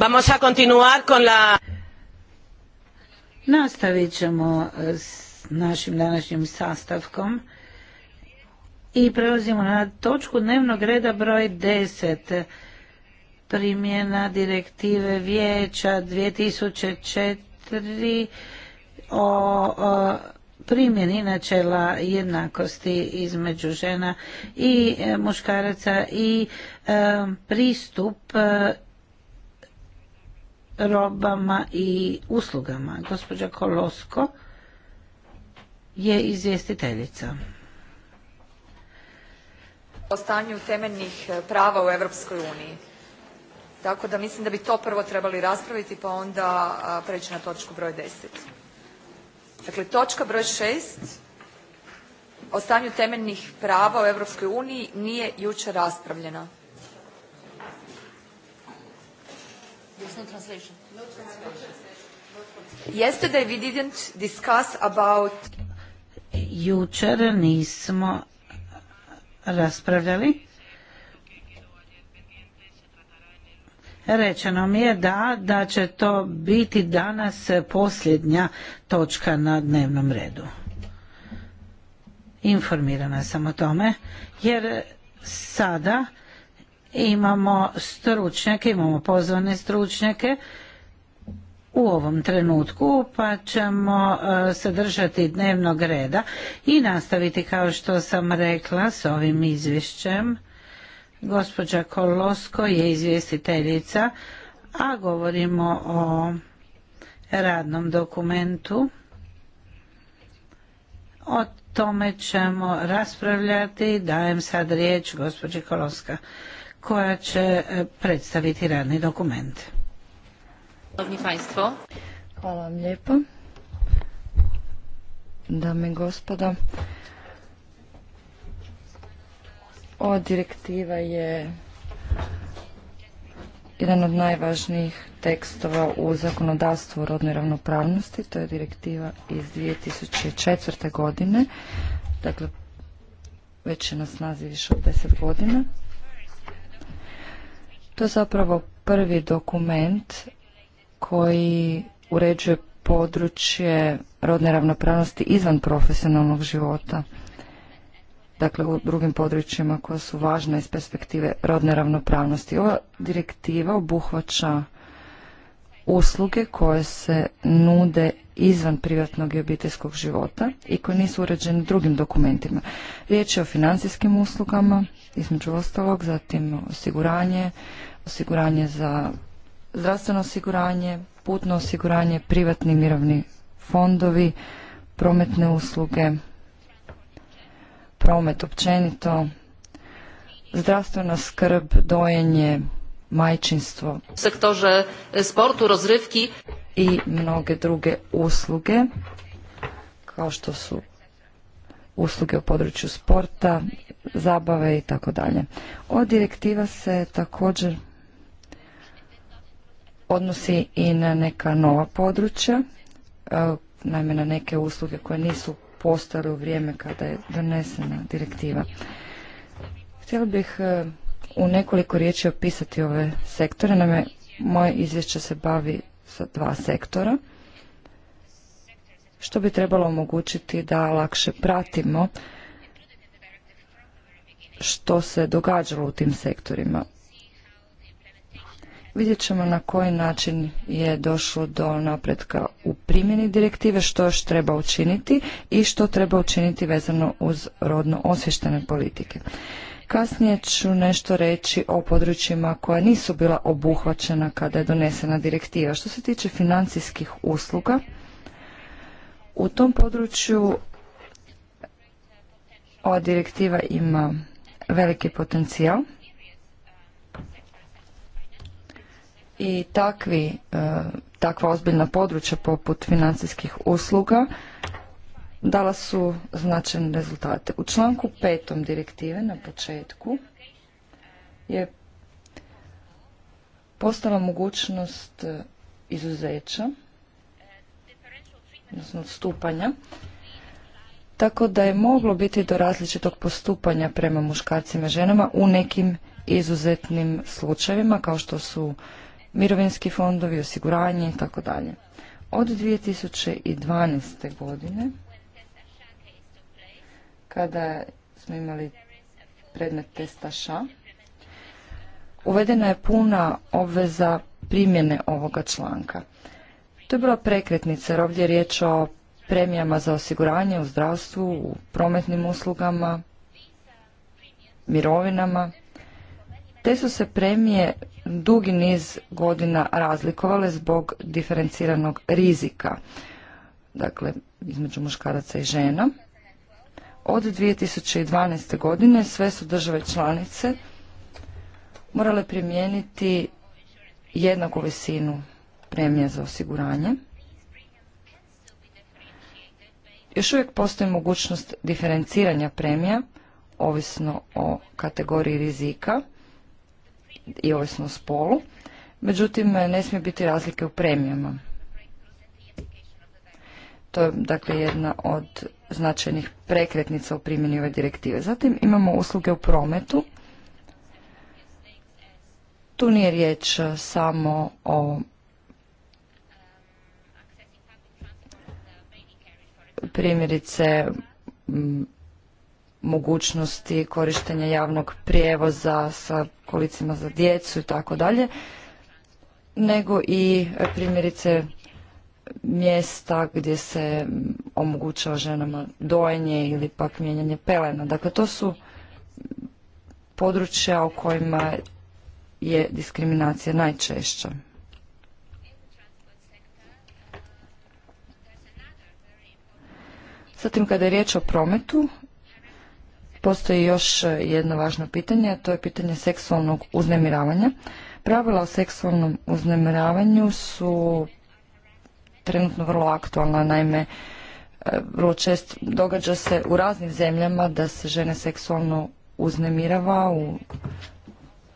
Vamos a continuar con la... Nastavit ćemo eh, s našim današnjim sastavkom i prelazimo na točku dnevnog reda broj 10. Primjena direktive vijeća 2004 o primjeni načela jednakosti između žena i eh, muškaraca i eh, pristup robama i uslugama. Gospođa Kolosko je izvjestiteljica. O stanju temeljnih e, prava u Europskoj uniji. Tako da mislim da bi to prvo trebali raspraviti pa onda e, preći na točku broj 10. Dakle, točka broj 6 o stanju temeljnih prava u Europskoj uniji nije jučer raspravljena. translation. Yesterday we didn't discuss about... Jučer nismo raspravljali. Rečeno mi je da, da će to biti danas posljednja točka na dnevnom redu. Informirana sam o tome, jer sada imamo stručnjake, imamo pozvane stručnjake u ovom trenutku, pa ćemo se držati dnevnog reda i nastaviti kao što sam rekla s ovim izvješćem. Gospođa Kolosko je izvjestiteljica, a govorimo o radnom dokumentu. O tome ćemo raspravljati. Dajem sad riječ gospođi Koloska koja će e, predstaviti radni dokument. Hvala vam lijepo. Dame i gospodo, ova direktiva je jedan od najvažnijih tekstova u zakonodavstvu o rodnoj ravnopravnosti. To je direktiva iz 2004. godine. Dakle, već je na snazi više od 10 godina. To je zapravo prvi dokument koji uređuje područje rodne ravnopravnosti izvan profesionalnog života dakle u drugim područjima koja su važna iz perspektive rodne ravnopravnosti. Ova direktiva obuhvaća usluge koje se nude izvan privatnog i obiteljskog života i koje nisu uređene drugim dokumentima. Riječ je o financijskim uslugama, između ostalog, zatim osiguranje, osiguranje za zdravstveno osiguranje, putno osiguranje, privatni mirovni fondovi, prometne usluge, promet općenito, zdravstvena skrb, dojenje, majčinstvo, sektorze e, sportu, i mnoge druge usluge, kao što su usluge u području sporta, zabave i tako dalje. Ova direktiva se također odnosi i na neka nova područja, e, naime na neke usluge koje nisu postale u vrijeme kada je donesena direktiva. Htjela bih e, u nekoliko riječi opisati ove sektore. Naime, moje izvješće se bavi sa dva sektora, što bi trebalo omogućiti da lakše pratimo što se događalo u tim sektorima. Vidjet ćemo na koji način je došlo do napretka u primjeni direktive, što još treba učiniti i što treba učiniti vezano uz rodno osvještene politike. Kasnije ću nešto reći o područjima koja nisu bila obuhvaćena kada je donesena direktiva. Što se tiče financijskih usluga, u tom području ova direktiva ima veliki potencijal. i takvi, e, takva ozbiljna područja poput financijskih usluga dala su značajne rezultate. U članku petom direktive na početku je postala mogućnost e, izuzeća, odnosno odstupanja, tako da je moglo biti do različitog postupanja prema muškarcima i ženama u nekim izuzetnim slučajevima kao što su mirovinski fondovi, osiguranje i tako dalje. Od 2012. godine, kada smo imali predmet testa uvedena je puna obveza primjene ovoga članka. To je bila prekretnica jer ovdje je riječ o premijama za osiguranje u zdravstvu, u prometnim uslugama, mirovinama te su se premije dugi niz godina razlikovale zbog diferenciranog rizika, dakle između muškaraca i žena. Od 2012. godine sve su države članice morale primijeniti jednaku visinu premija za osiguranje. Još uvijek postoji mogućnost diferenciranja premija, ovisno o kategoriji rizika, i ovisno spolu. Međutim, ne smije biti razlike u premijama. To je dakle jedna od značajnih prekretnica u primjeni ove direktive. Zatim imamo usluge u prometu. Tu nije riječ samo o primjerice mogućnosti korištenja javnog prijevoza sa kolicima za djecu i tako dalje, nego i e, primjerice mjesta gdje se omogućava ženama dojenje ili pak mijenjanje pelena. Dakle, to su područja u kojima je diskriminacija najčešća. Zatim, kada je riječ o prometu, Postoji još e, jedno važno pitanje, a to je pitanje seksualnog uznemiravanja. Pravila o seksualnom uznemiravanju su trenutno vrlo aktualna, naime e, vrlo često događa se u raznim zemljama da se žene seksualno uznemirava u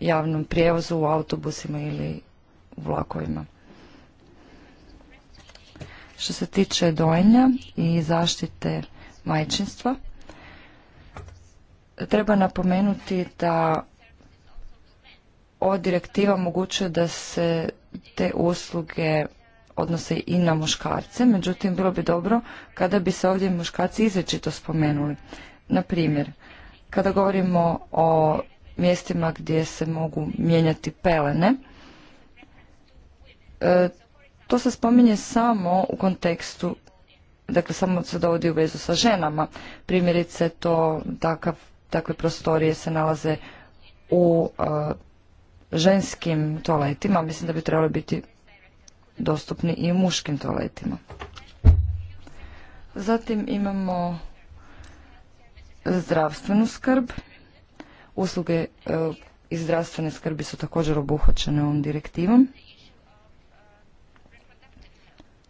javnom prijevozu, u autobusima ili u vlakovima. Što se tiče dojenja i zaštite majčinstva, treba napomenuti da ova direktiva omogućuje da se te usluge odnose i na muškarce, međutim bilo bi dobro kada bi se ovdje muškarci izrečito spomenuli. Na primjer, kada govorimo o mjestima gdje se mogu mijenjati pelene, e, to se spominje samo u kontekstu, dakle samo se dovodi u vezu sa ženama. Primjerice to takav takve prostorije se nalaze u e, ženskim toaletima, mislim da bi trebali biti dostupni i u muškim toaletima. Zatim imamo zdravstvenu skrb. Usluge e, iz zdravstvene skrbi su također obuhvaćene ovom direktivom.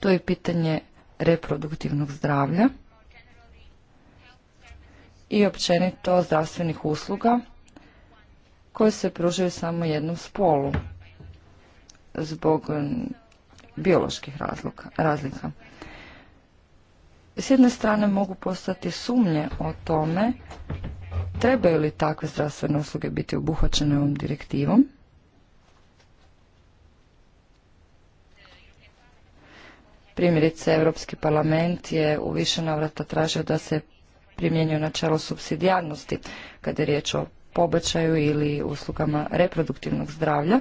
To je pitanje reproduktivnog zdravlja i općenito zdravstvenih usluga koje se pružaju samo jednom spolu zbog bioloških razlika. S jedne strane mogu postati sumnje o tome trebaju li takve zdravstvene usluge biti obuhvaćene ovom direktivom. Primjerice, Europski parlament je u više navrata tražio da se primjenjuje načelo subsidijarnosti kada je riječ o pobačaju ili uslugama reproduktivnog zdravlja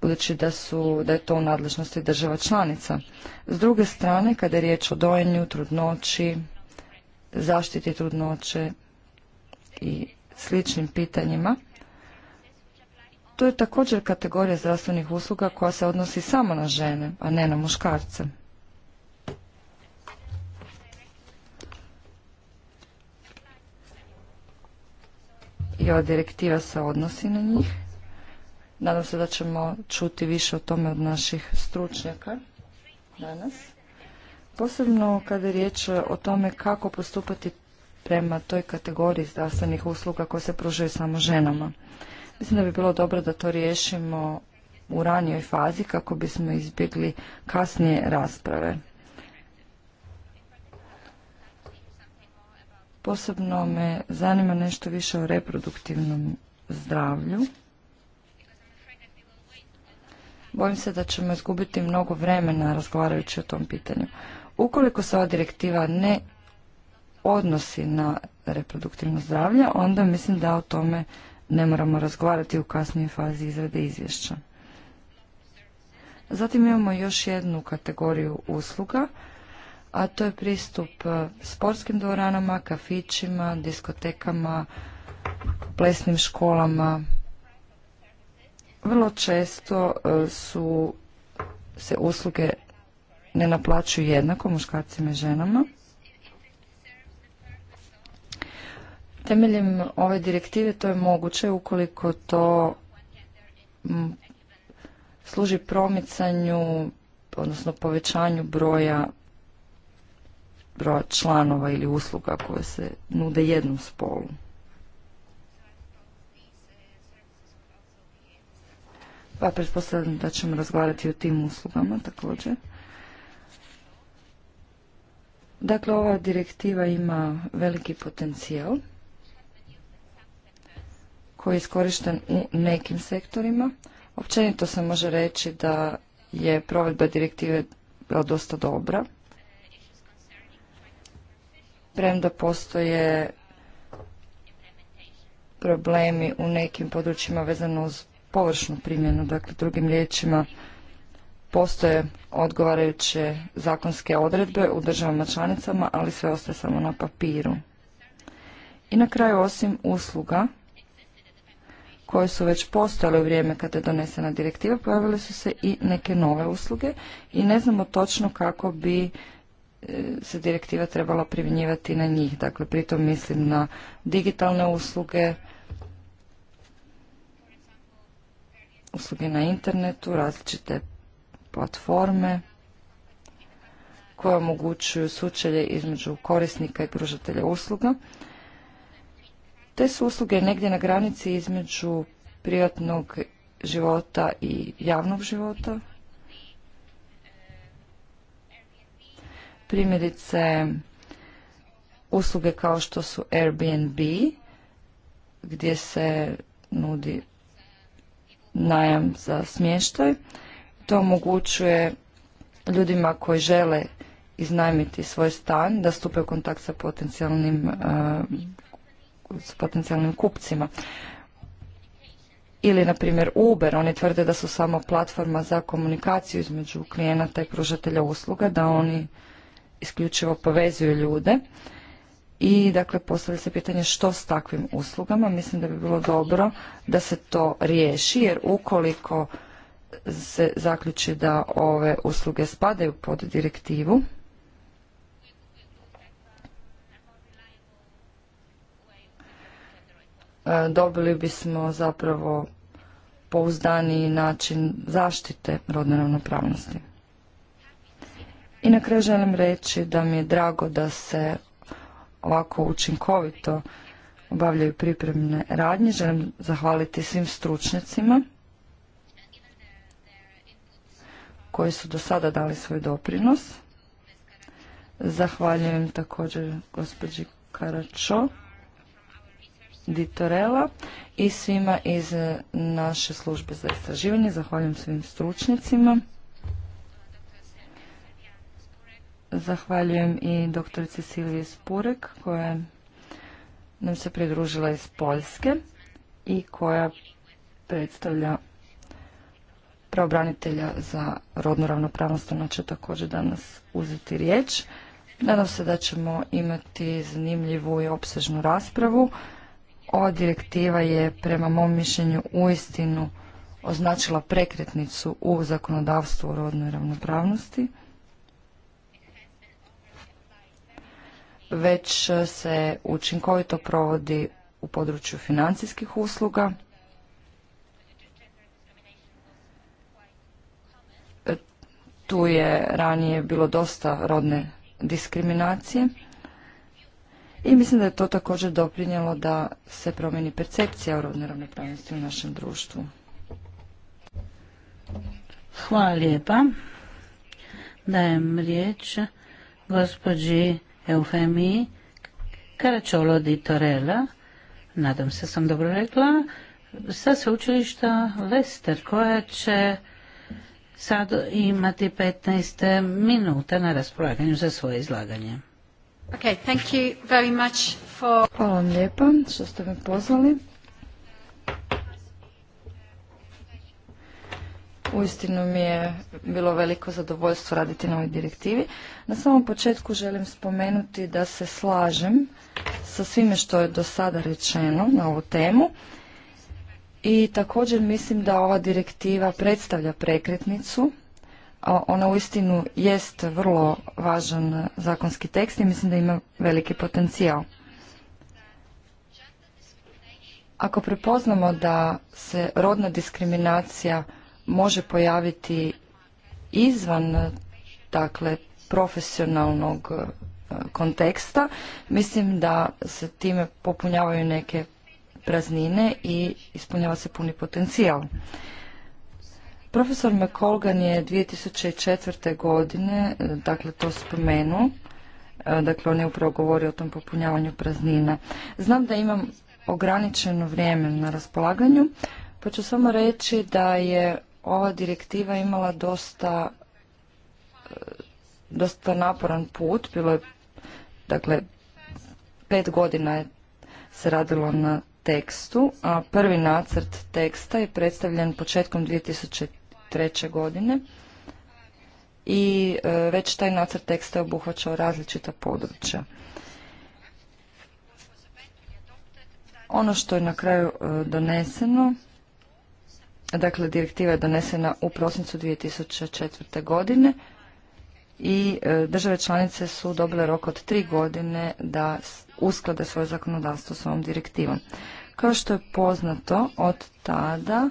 budući da, su, da je to u nadležnosti država članica. S druge strane, kada je riječ o dojenju, trudnoći, zaštiti trudnoće i sličnim pitanjima, to je također kategorija zdravstvenih usluga koja se odnosi samo na žene, a ne na muškarce. i ova direktiva se odnosi na njih. Nadam se da ćemo čuti više o tome od naših stručnjaka danas. Posebno kada je riječ o tome kako postupati prema toj kategoriji zdravstvenih usluga koje se pružaju samo ženama. Mislim da bi bilo dobro da to riješimo u ranijoj fazi kako bismo izbjegli kasnije rasprave. Posebno me zanima nešto više o reproduktivnom zdravlju. Bojim se da ćemo izgubiti mnogo vremena razgovarajući o tom pitanju. Ukoliko se ova direktiva ne odnosi na reproduktivno zdravlje, onda mislim da o tome ne moramo razgovarati u kasnijoj fazi izrade izvješća. Zatim imamo još jednu kategoriju usluga a to je pristup e, sportskim dvoranama, kafićima, diskotekama, plesnim školama. Vrlo često e, su se usluge ne naplaćuju jednako muškarcima i ženama. Temeljem ove direktive to je moguće ukoliko to služi promicanju, odnosno povećanju broja broja članova ili usluga koje se nude jednom spolu. Pa pretpostavljam da ćemo razgovarati o tim uslugama također. Dakle, ova direktiva ima veliki potencijal koji je iskorišten u nekim sektorima. Općenito se može reći da je provedba direktive bila dosta dobra premda postoje problemi u nekim područjima vezano uz površnu primjenu, dakle drugim riječima postoje odgovarajuće zakonske odredbe u državama članicama, ali sve ostaje samo na papiru. I na kraju osim usluga koje su već postojale u vrijeme kada je donesena direktiva, pojavile su se i neke nove usluge i ne znamo točno kako bi se direktiva trebala primjenjivati na njih. Dakle, pritom mislim na digitalne usluge, usluge na internetu, različite platforme koje omogućuju sučelje između korisnika i pružatelja usluga. Te su usluge negdje na granici između privatnog života i javnog života. Primjerice, usluge kao što su Airbnb, gdje se nudi najam za smještaj. To omogućuje ljudima koji žele iznajmiti svoj stan, da stupe u kontakt sa potencijalnim, eh, s potencijalnim kupcima. Ili, na primjer, Uber. Oni tvrde da su samo platforma za komunikaciju između klijenata i pružatelja usluga, da oni isključivo povezuju ljude. I dakle postavlja se pitanje što s takvim uslugama. Mislim da bi bilo dobro da se to riješi jer ukoliko se zaključi da ove usluge spadaju pod direktivu, e, dobili bismo zapravo pouzdaniji način zaštite rodne ravnopravnosti. I na kraju želim reći da mi je drago da se ovako učinkovito obavljaju pripremne radnje. Želim zahvaliti svim stručnjacima koji su do sada dali svoj doprinos. Zahvaljujem također gospođi Karačo Ditorela i svima iz naše službe za istraživanje. Zahvaljujem svim stručnjacima. Zahvaljujem i doktorici Silvije Spurek koja nam se pridružila iz Poljske i koja predstavlja pravobranitelja za rodnu ravnopravnost. Ona će također danas uzeti riječ. Nadam se da ćemo imati zanimljivu i opsežnu raspravu. Ova direktiva je prema mom mišljenju uistinu označila prekretnicu u zakonodavstvu o rodnoj ravnopravnosti. već se učinkovito provodi u području financijskih usluga. Tu je ranije bilo dosta rodne diskriminacije i mislim da je to također doprinjelo da se promijeni percepcija o rodnoj ravnopravnosti u našem društvu. Hvala lijepa. Dajem riječ gospođi Eufemi Karačolo di Torella, nadam se sam dobro rekla, sa sveučilišta Lester, koja će sad imati 15 minuta na raspolaganju za svoje izlaganje. Okay, thank you very much Hvala vam lijepo što ste me pozvali. Uistinu mi je bilo veliko zadovoljstvo raditi na ovoj direktivi. Na samom početku želim spomenuti da se slažem sa svime što je do sada rečeno na ovu temu i također mislim da ova direktiva predstavlja prekretnicu. Ona uistinu jest vrlo važan zakonski tekst i mislim da ima veliki potencijal. Ako prepoznamo da se rodna diskriminacija može pojaviti izvan dakle profesionalnog e, konteksta. Mislim da se time popunjavaju neke praznine i ispunjava se puni potencijal. Profesor McColgan je 2004. godine, e, dakle to spomenuo, e, dakle on je upravo govorio o tom popunjavanju praznina. Znam da imam ograničeno vrijeme na raspolaganju, pa ću samo reći da je ova direktiva imala dosta e, dosta naporan put, bilo je dakle pet godina je se radilo na tekstu, a prvi nacrt teksta je predstavljen početkom 2003. godine i e, već taj nacrt teksta je obuhvaćao različita područja. Ono što je na kraju e, doneseno Dakle, direktiva je donesena u prosincu 2004. godine i e, države članice su dobile rok od tri godine da usklade svoje zakonodavstvo s ovom direktivom. Kao što je poznato od tada,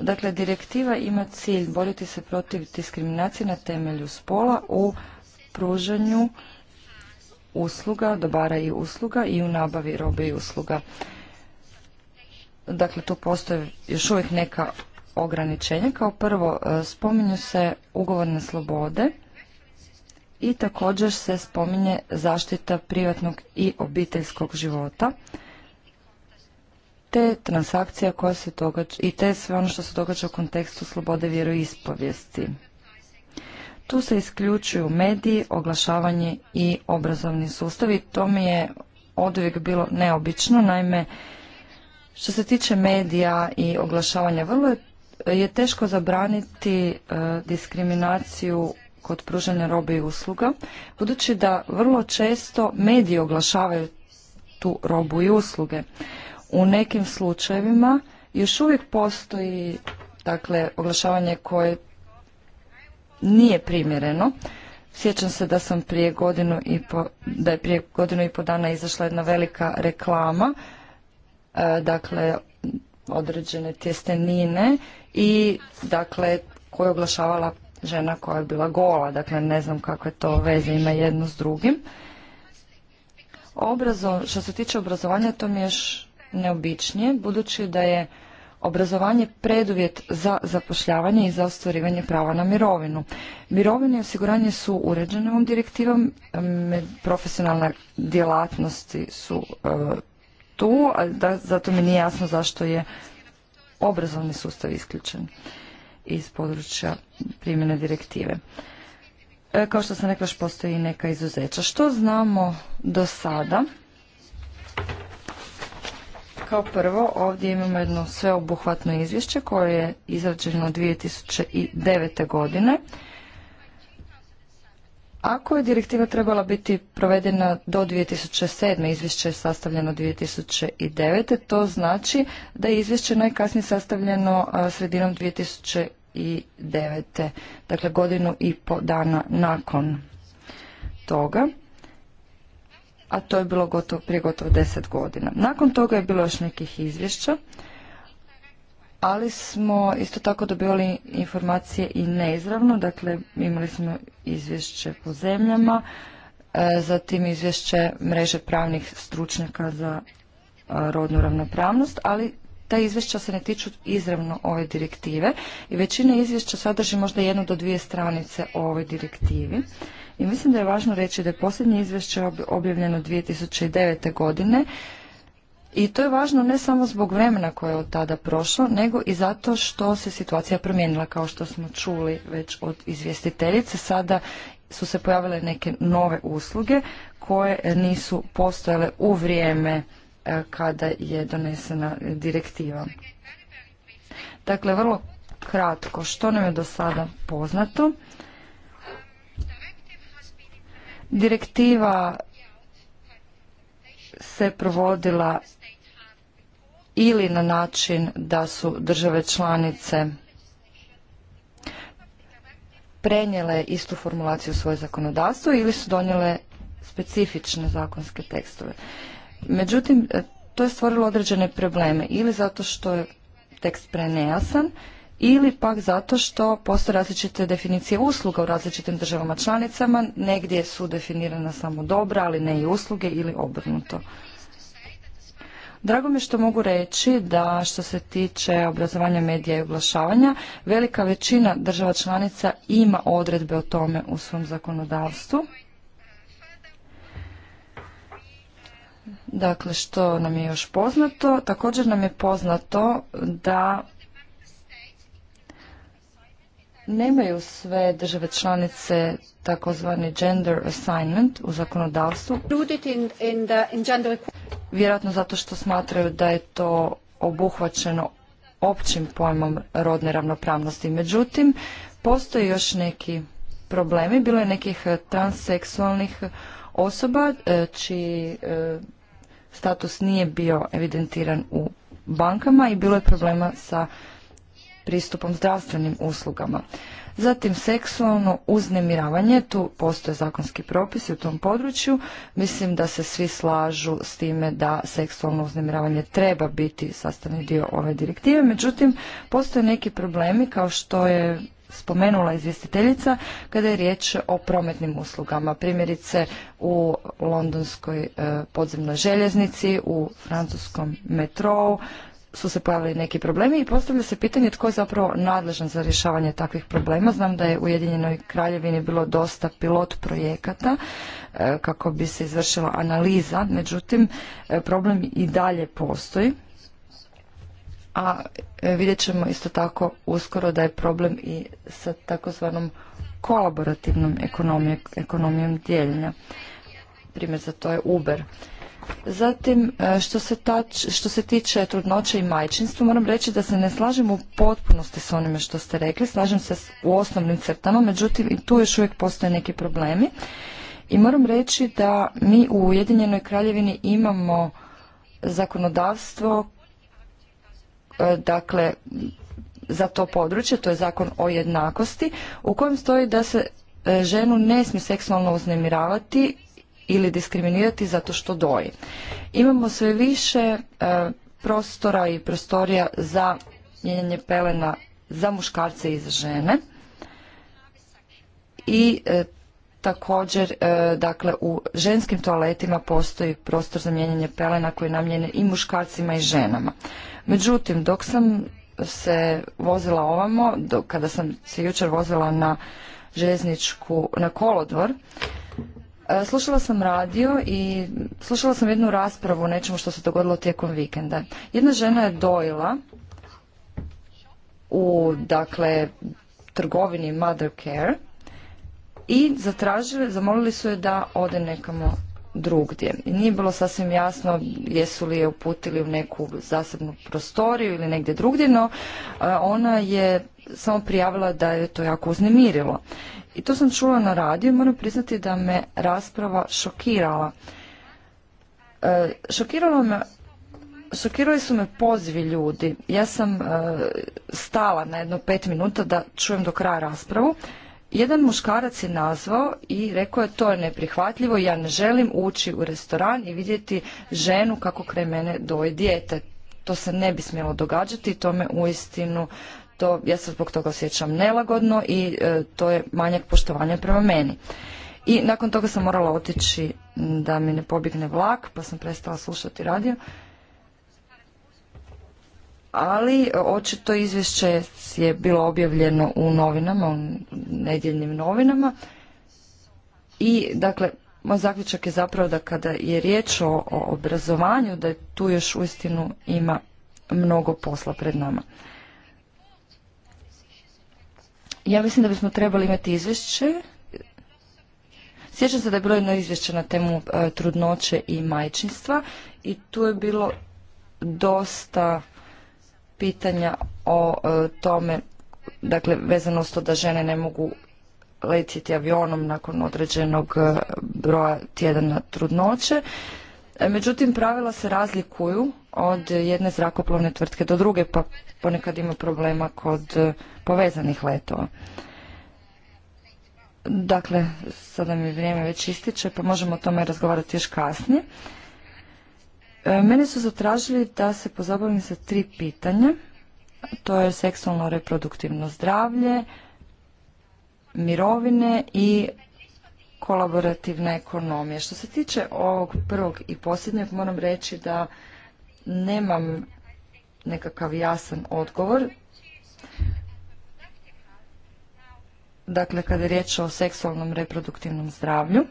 dakle, direktiva ima cilj boriti se protiv diskriminacije na temelju spola u pružanju usluga, dobara i usluga i u nabavi robe i usluga. Dakle, tu postoje još uvijek neka ograničenja. Kao prvo, e, spominju se ugovorne slobode i također se spominje zaštita privatnog i obiteljskog života te transakcija koja se događa i te sve ono što se događa u kontekstu slobode vjeroispovijesti. Tu se isključuju mediji, oglašavanje i obrazovni sustavi. To mi je od uvijek bilo neobično. Naime, što se tiče medija i oglašavanja, vrlo je teško zabraniti e, diskriminaciju kod pružanja robe i usluga, budući da vrlo često mediji oglašavaju tu robu i usluge. U nekim slučajevima još uvijek postoji dakle, oglašavanje koje nije primjereno. Sjećam se da sam prije godinu i da je prije godinu i po dana izašla jedna velika reklama E, dakle određene tjestenine i dakle koje je oglašavala žena koja je bila gola, dakle ne znam kakve to veze ima jedno s drugim. Obrazo, što se tiče obrazovanja, to mi je još neobičnije, budući da je obrazovanje preduvjet za zapošljavanje i za ostvarivanje prava na mirovinu. Mirovine i osiguranje su uređene ovom direktivom, profesionalne djelatnosti su e, tu, da, zato mi nije jasno zašto je obrazovni sustav isključen iz područja primjene direktive. E, kao što sam rekla, još postoji neka izuzeća. Što znamo do sada? Kao prvo, ovdje imamo jedno sveobuhvatno izvješće koje je izrađeno 2009. godine ako je direktiva trebala biti provedena do 2007. izvješće je sastavljeno 2009. To znači da je izvješće najkasnije sastavljeno sredinom 2009. Dakle godinu i po dana nakon toga. A to je bilo gotovo, prije gotovo deset godina. Nakon toga je bilo još nekih izvješća ali smo isto tako dobivali informacije i neizravno, dakle imali smo izvješće po zemljama, e, zatim izvješće mreže pravnih stručnjaka za e, rodnu ravnopravnost, ali ta izvješća se ne tiču izravno ove direktive i većina izvješća sadrži možda jednu do dvije stranice o ovoj direktivi. I mislim da je važno reći da je posljednje izvješće objavljeno 2009. godine i to je važno ne samo zbog vremena koje je od tada prošlo, nego i zato što se situacija promijenila, kao što smo čuli već od izvjestiteljice. Sada su se pojavile neke nove usluge koje nisu postojale u vrijeme e, kada je donesena direktiva. Dakle, vrlo kratko, što nam je do sada poznato? Direktiva se provodila ili na način da su države članice prenijele istu formulaciju u svoje zakonodavstvo ili su donijele specifične zakonske tekstove. Međutim, e, to je stvorilo određene probleme ili zato što je tekst prenejasan ili pak zato što postoje različite definicije usluga u različitim državama članicama, negdje su definirana samo dobra, ali ne i usluge ili obrnuto. Drago mi što mogu reći da što se tiče obrazovanja medija i oglašavanja, velika većina država članica ima odredbe o tome u svom zakonodavstvu. Dakle, što nam je još poznato? Također nam je poznato da nemaju sve države članice takozvani gender assignment u zakonodavstvu vjerojatno zato što smatraju da je to obuhvaćeno općim pojmom rodne ravnopravnosti. Međutim, postoje još neki problemi. Bilo je nekih e, transseksualnih osoba e, čiji e, status nije bio evidentiran u bankama i bilo je problema sa pristupom zdravstvenim uslugama. Zatim seksualno uznemiravanje, tu postoje zakonski propisi u tom području. Mislim da se svi slažu s time da seksualno uznemiravanje treba biti sastavni dio ove direktive. Međutim, postoje neki problemi kao što je spomenula izvjestiteljica kada je riječ o prometnim uslugama. Primjerice u londonskoj eh, podzemnoj željeznici, u francuskom metrou, su se pojavili neki problemi i postavlja se pitanje tko je zapravo nadležan za rješavanje takvih problema. Znam da je u Ujedinjenoj kraljevini bilo dosta pilot projekata e, kako bi se izvršila analiza, međutim e, problem i dalje postoji. A e, vidjet ćemo isto tako uskoro da je problem i sa takozvanom kolaborativnom ekonomijom, ekonomijom dijeljenja. Primjer za to je Uber. Zatim, e, što se, što se tiče trudnoće i majčinstva, moram reći da se ne slažem u potpunosti s onime što ste rekli, slažem se u osnovnim crtama, međutim tu još uvijek postoje neki problemi. I moram reći da mi u Ujedinjenoj kraljevini imamo zakonodavstvo, e, dakle, za to područje, to je zakon o jednakosti, u kojem stoji da se e, ženu ne smije seksualno uznemiravati ili diskriminirati zato što doji. Imamo sve više e, prostora i prostorija za mijenjanje pelena za muškarce i za žene i e, također e, dakle u ženskim toaletima postoji prostor za mijenjanje pelena koji je i muškarcima i ženama. Međutim, dok sam se vozila ovamo, kada sam se jučer vozila na željezničku, na kolodvor, E, slušala sam radio i slušala sam jednu raspravu o nečemu što se dogodilo tijekom vikenda. Jedna žena je dojela u dakle trgovini Mother Care i zatražili, zamolili su je da ode nekamo drugdje. I nije bilo sasvim jasno jesu li je uputili u neku zasebnu prostoriju ili negdje drugdje, no e, ona je samo prijavila da je to jako uznemirilo i to sam čula na radiju i moram priznati da me rasprava šokirala. E, me Šokirali su me pozivi ljudi. Ja sam e, stala na jedno pet minuta da čujem do kraja raspravu. Jedan muškarac je nazvao i rekao je to je neprihvatljivo, ja ne želim ući u restoran i vidjeti ženu kako kraj mene doje dijete. To se ne bi smjelo događati i to me uistinu to, ja se zbog toga osjećam nelagodno i e, to je manjak poštovanja prema meni. I nakon toga sam morala otići da mi ne pobjegne vlak, pa sam prestala slušati radio. Ali e, očito izvješće je bilo objavljeno u novinama, u nedjeljnim novinama. I dakle, moj zaključak je zapravo da kada je riječ o, o obrazovanju, da tu još uistinu ima mnogo posla pred nama. Ja mislim da bismo trebali imati izvješće. Sjećam se da je bilo jedno izvješće na temu e, trudnoće i majčinstva i tu je bilo dosta pitanja o e, tome, dakle vezano s to da žene ne mogu letjeti avionom nakon određenog e, broja tjedana trudnoće. Međutim, pravila se razlikuju od jedne zrakoplovne tvrtke do druge, pa ponekad ima problema kod e, povezanih letova. Dakle, sada mi vrijeme već ističe, pa možemo o tome razgovarati još kasnije. E, mene su zatražili da se pozabavim sa tri pitanja. To je seksualno reproduktivno zdravlje, mirovine i kolaborativne ekonomije. Što se tiče ovog prvog i posljednjeg, moram reći da nemam nekakav jasan odgovor. Dakle, kada je riječ o seksualnom reproduktivnom zdravlju,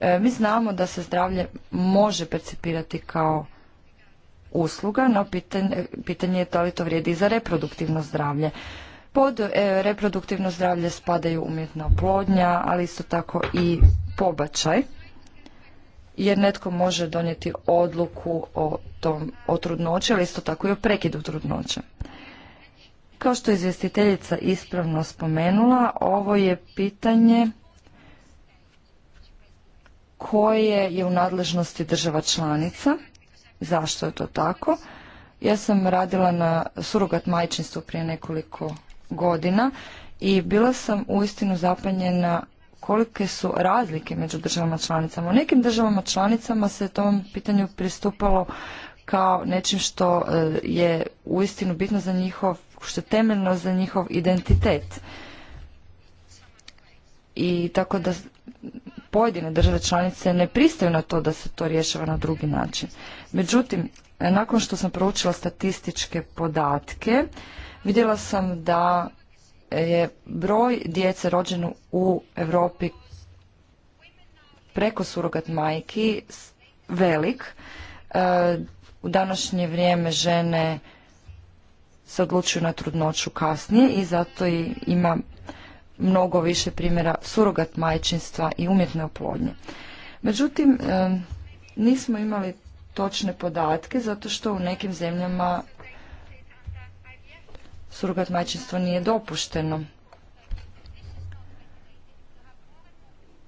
e, mi znamo da se zdravlje može percipirati kao usluga, no pitanje, je da li to vrijedi i za reproduktivno zdravlje. Pod e, reproduktivno zdravlje spadaju umjetna oplodnja, ali isto tako i pobačaj, jer netko može donijeti odluku o, tom, o trudnoći, ali isto tako i o prekidu trudnoće. Kao što je izvjestiteljica ispravno spomenula, ovo je pitanje koje je u nadležnosti država članica. Zašto je to tako? Ja sam radila na surogat majčinstvu prije nekoliko godina i bila sam uistinu zapanjena kolike su razlike među državama članicama. U nekim državama članicama se tom pitanju pristupalo kao nečim što e, je uistinu bitno za njihov, što je temeljno za njihov identitet. I tako da pojedine države članice ne pristaju na to da se to rješava na drugi način. Međutim, nakon što sam proučila statističke podatke, vidjela sam da je broj djece rođenu u Europi preko surogat majki velik. E, u današnje vrijeme žene se odlučuju na trudnoću kasnije i zato i ima mnogo više primjera surogat majčinstva i umjetne oplodnje. Međutim, e, nismo imali točne podatke zato što u nekim zemljama surogat majčinstvo nije dopušteno.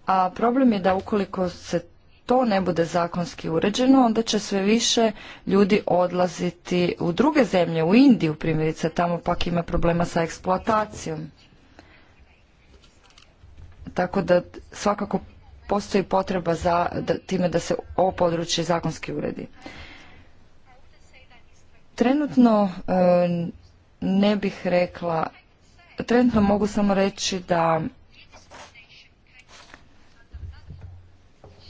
A problem je da ukoliko se to ne bude zakonski uređeno, onda će sve više ljudi odlaziti u druge zemlje, u Indiju primjerice, tamo pak ima problema sa eksploatacijom. Tako da svakako postoji potreba za time da se ovo područje zakonski uredi. Trenutno e, ne bih rekla, trenutno mogu samo reći da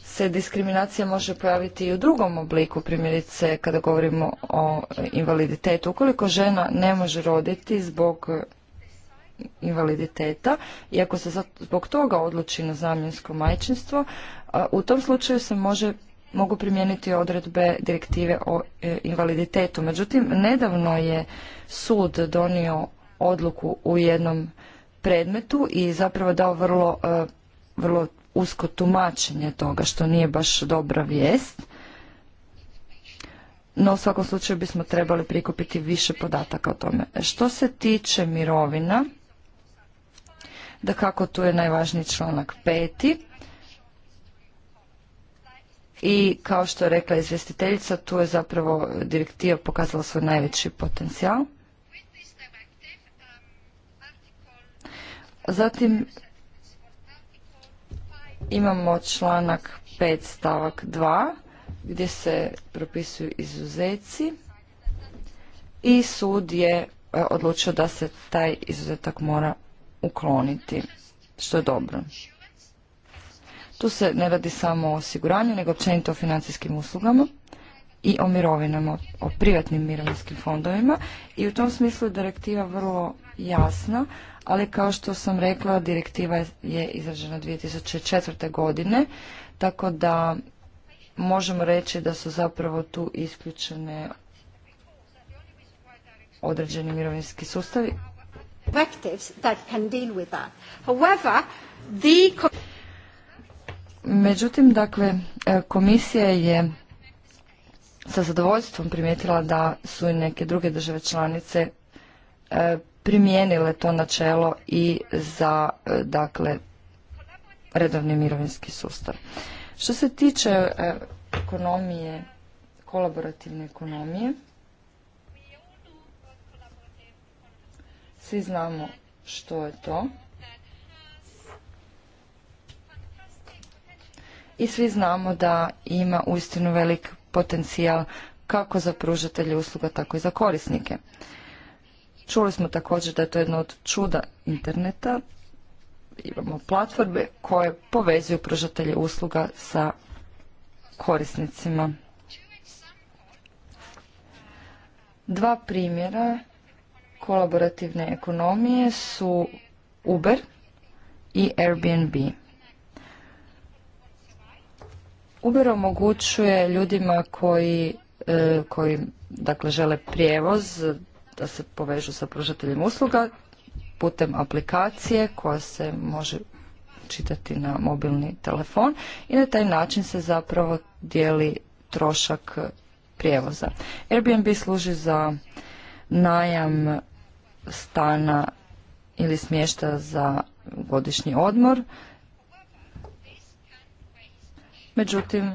se diskriminacija može pojaviti i u drugom obliku, primjerice kada govorimo o invaliditetu. Ukoliko žena ne može roditi zbog invaliditeta i ako se zbog toga odluči na zamjensko majčinstvo, u tom slučaju se može mogu primijeniti odredbe direktive o e, invaliditetu. Međutim, nedavno je sud donio odluku u jednom predmetu i zapravo dao vrlo, e, vrlo usko tumačenje toga što nije baš dobra vijest. No u svakom slučaju bismo trebali prikupiti više podataka o tome. Što se tiče mirovina, da kako tu je najvažniji članak peti, i kao što je rekla izvjestiteljica, tu je zapravo direktiva pokazala svoj najveći potencijal. Zatim imamo članak 5 stavak 2 gdje se propisuju izuzeci i sud je e, odlučio da se taj izuzetak mora ukloniti, što je dobro. Tu se ne radi samo o osiguranju, nego općenito o financijskim uslugama i o mirovinama, o privatnim mirovinskim fondovima i u tom smislu je direktiva vrlo jasna, ali kao što sam rekla, direktiva je izrađena 2004. godine, tako da možemo reći da su zapravo tu isključene određeni mirovinski sustavi. Međutim, dakle, e, komisija je sa zadovoljstvom primijetila da su i neke druge države članice e, primijenile to načelo i za e, dakle redovni mirovinski sustav. Što se tiče ekonomije, kolaborativne ekonomije, svi znamo što je to. i svi znamo da ima uistinu velik potencijal kako za pružatelje usluga, tako i za korisnike. Čuli smo također da je to jedno od čuda interneta. Imamo platforme koje povezuju pružatelje usluga sa korisnicima. Dva primjera kolaborativne ekonomije su Uber i Airbnb. Uber omogućuje ljudima koji, e, koji dakle, žele prijevoz da se povežu sa pružateljem usluga putem aplikacije koja se može čitati na mobilni telefon i na taj način se zapravo dijeli trošak prijevoza. Airbnb služi za najam stana ili smješta za godišnji odmor Međutim,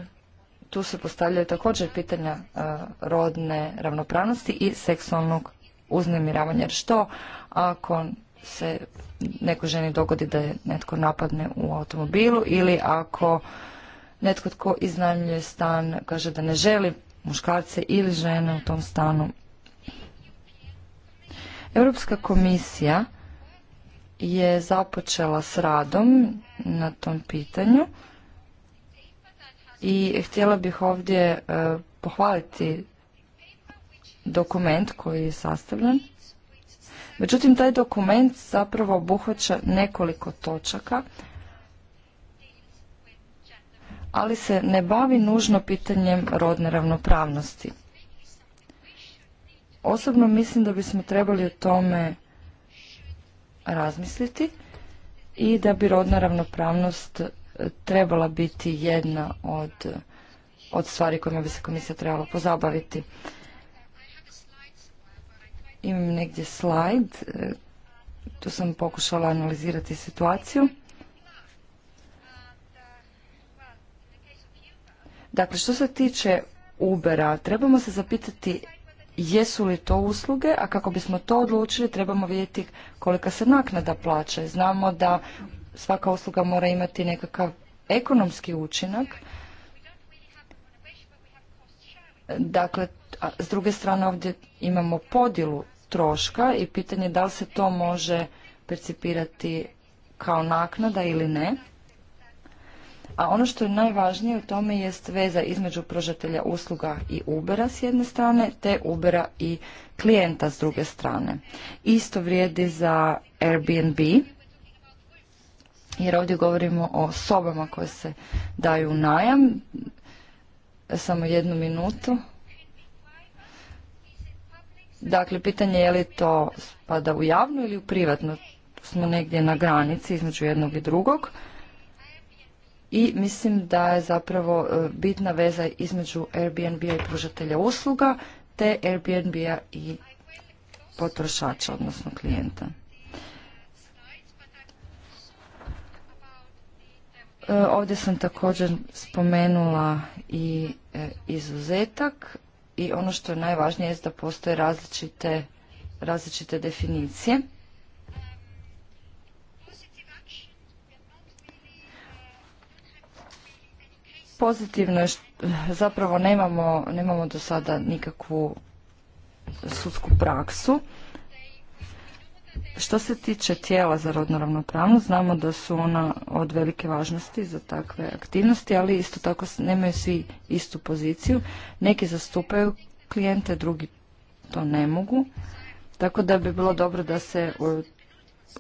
tu se postavljaju također pitanja e, rodne ravnopravnosti i seksualnog uznemiravanja. Jer što ako se nekoj ženi dogodi da je netko napadne u automobilu ili ako netko tko iznajmljuje stan kaže da ne želi muškarce ili žene u tom stanu. Europska komisija je započela s radom na tom pitanju i htjela bih ovdje e, pohvaliti dokument koji je sastavljen. Međutim, taj dokument zapravo obuhvaća nekoliko točaka, ali se ne bavi nužno pitanjem rodne ravnopravnosti. Osobno mislim da bismo trebali o tome razmisliti i da bi rodna ravnopravnost trebala biti jedna od, od stvari kojima bi se komisija trebala pozabaviti. Imam negdje slajd, e, tu sam pokušala analizirati situaciju. Dakle, što se tiče Ubera, trebamo se zapitati jesu li to usluge, a kako bismo to odlučili trebamo vidjeti kolika se naknada plaća. Znamo da svaka usluga mora imati nekakav ekonomski učinak. Dakle, s druge strane ovdje imamo podjelu troška i pitanje da li se to može percipirati kao naknada ili ne. A ono što je najvažnije u tome jest veza između pružatelja usluga i Ubera s jedne strane, te Ubera i klijenta s druge strane. Isto vrijedi za Airbnb jer ovdje govorimo o sobama koje se daju u najam. Samo jednu minutu. Dakle, pitanje je li to spada u javnu ili u privatno. Smo negdje na granici između jednog i drugog. I mislim da je zapravo e, bitna veza između Airbnb-a i pružatelja usluga, te Airbnb-a i potrošača, odnosno klijenta. E, ovdje sam također spomenula i e, izuzetak i ono što je najvažnije je da postoje različite, različite definicije. Pozitivno je što zapravo nemamo, nemamo do sada nikakvu sudsku praksu što se tiče tijela za rodnu ravnopravnost, znamo da su ona od velike važnosti za takve aktivnosti, ali isto tako nemaju svi istu poziciju. Neki zastupaju klijente, drugi to ne mogu. Tako da bi bilo dobro da se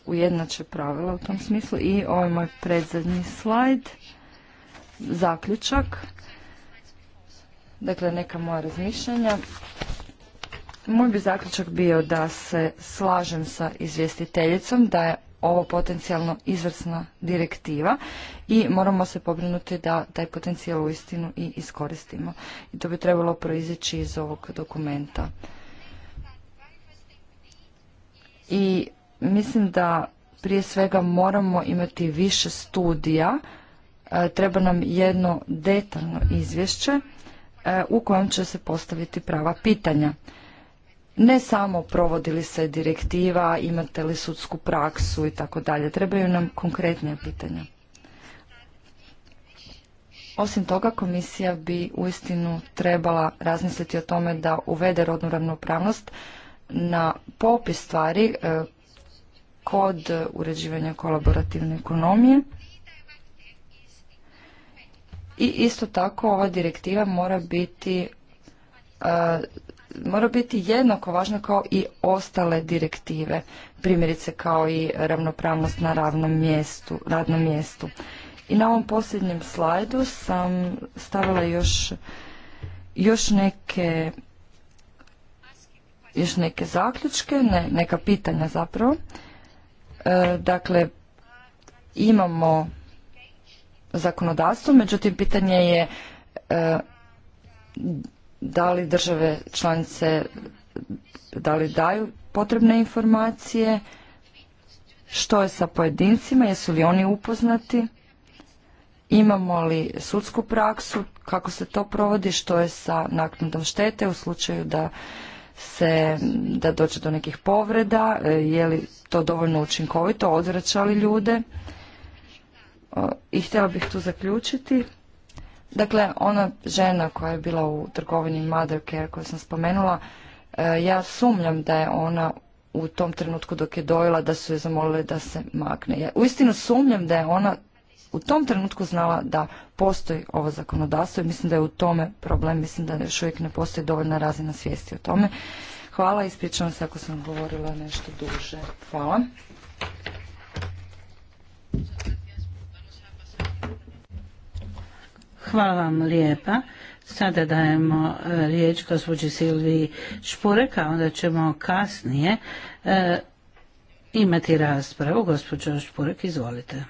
ujednače pravila u tom smislu. I ovaj moj predzadnji slajd, zaključak, dakle neka moja razmišljanja. Moj bi zaključak bio da se slažem sa izvjestiteljicom da je ovo potencijalno izvrsna direktiva i moramo se pobrinuti da taj potencijal uistinu i iskoristimo. I to bi trebalo proizići iz ovog dokumenta. I mislim da prije svega moramo imati više studija, e, treba nam jedno detaljno izvješće e, u kojem će se postaviti prava pitanja ne samo provodi li se direktiva, imate li sudsku praksu i tako dalje. Trebaju nam konkretnija pitanja. Osim toga, komisija bi uistinu trebala razmisliti o tome da uvede rodnu ravnopravnost na popis stvari e, kod uređivanja kolaborativne ekonomije. I isto tako ova direktiva mora biti e, mora biti jednako važno kao i ostale direktive, primjerice kao i ravnopravnost na ravnom mjestu, radnom mjestu. I na ovom posljednjem slajdu sam stavila još, još neke još neke zaključke, ne, neka pitanja zapravo. E, dakle, imamo zakonodavstvo, međutim pitanje je e, da li države članice da li daju potrebne informacije, što je sa pojedincima, jesu li oni upoznati, imamo li sudsku praksu, kako se to provodi, što je sa naknadom štete u slučaju da se da dođe do nekih povreda, eh, je li to dovoljno učinkovito, odvraća ljude. I htjela bih tu zaključiti Dakle, ona žena koja je bila u trgovini Care koju sam spomenula, e, ja sumnjam da je ona u tom trenutku dok je dojela da su je zamolili da se makne. Ja uistinu sumnjam da je ona u tom trenutku znala da postoji ovo zakonodavstvo i mislim da je u tome problem, mislim da još uvijek ne postoji dovoljna razina svijesti o tome. Hvala, ispričavam se ako sam govorila nešto duže. Hvala. Hvala vam lijepa. Sada dajemo e, riječ gospođi Silviji a onda ćemo kasnije e, imati raspravu. Gospođo Špurek, izvolite.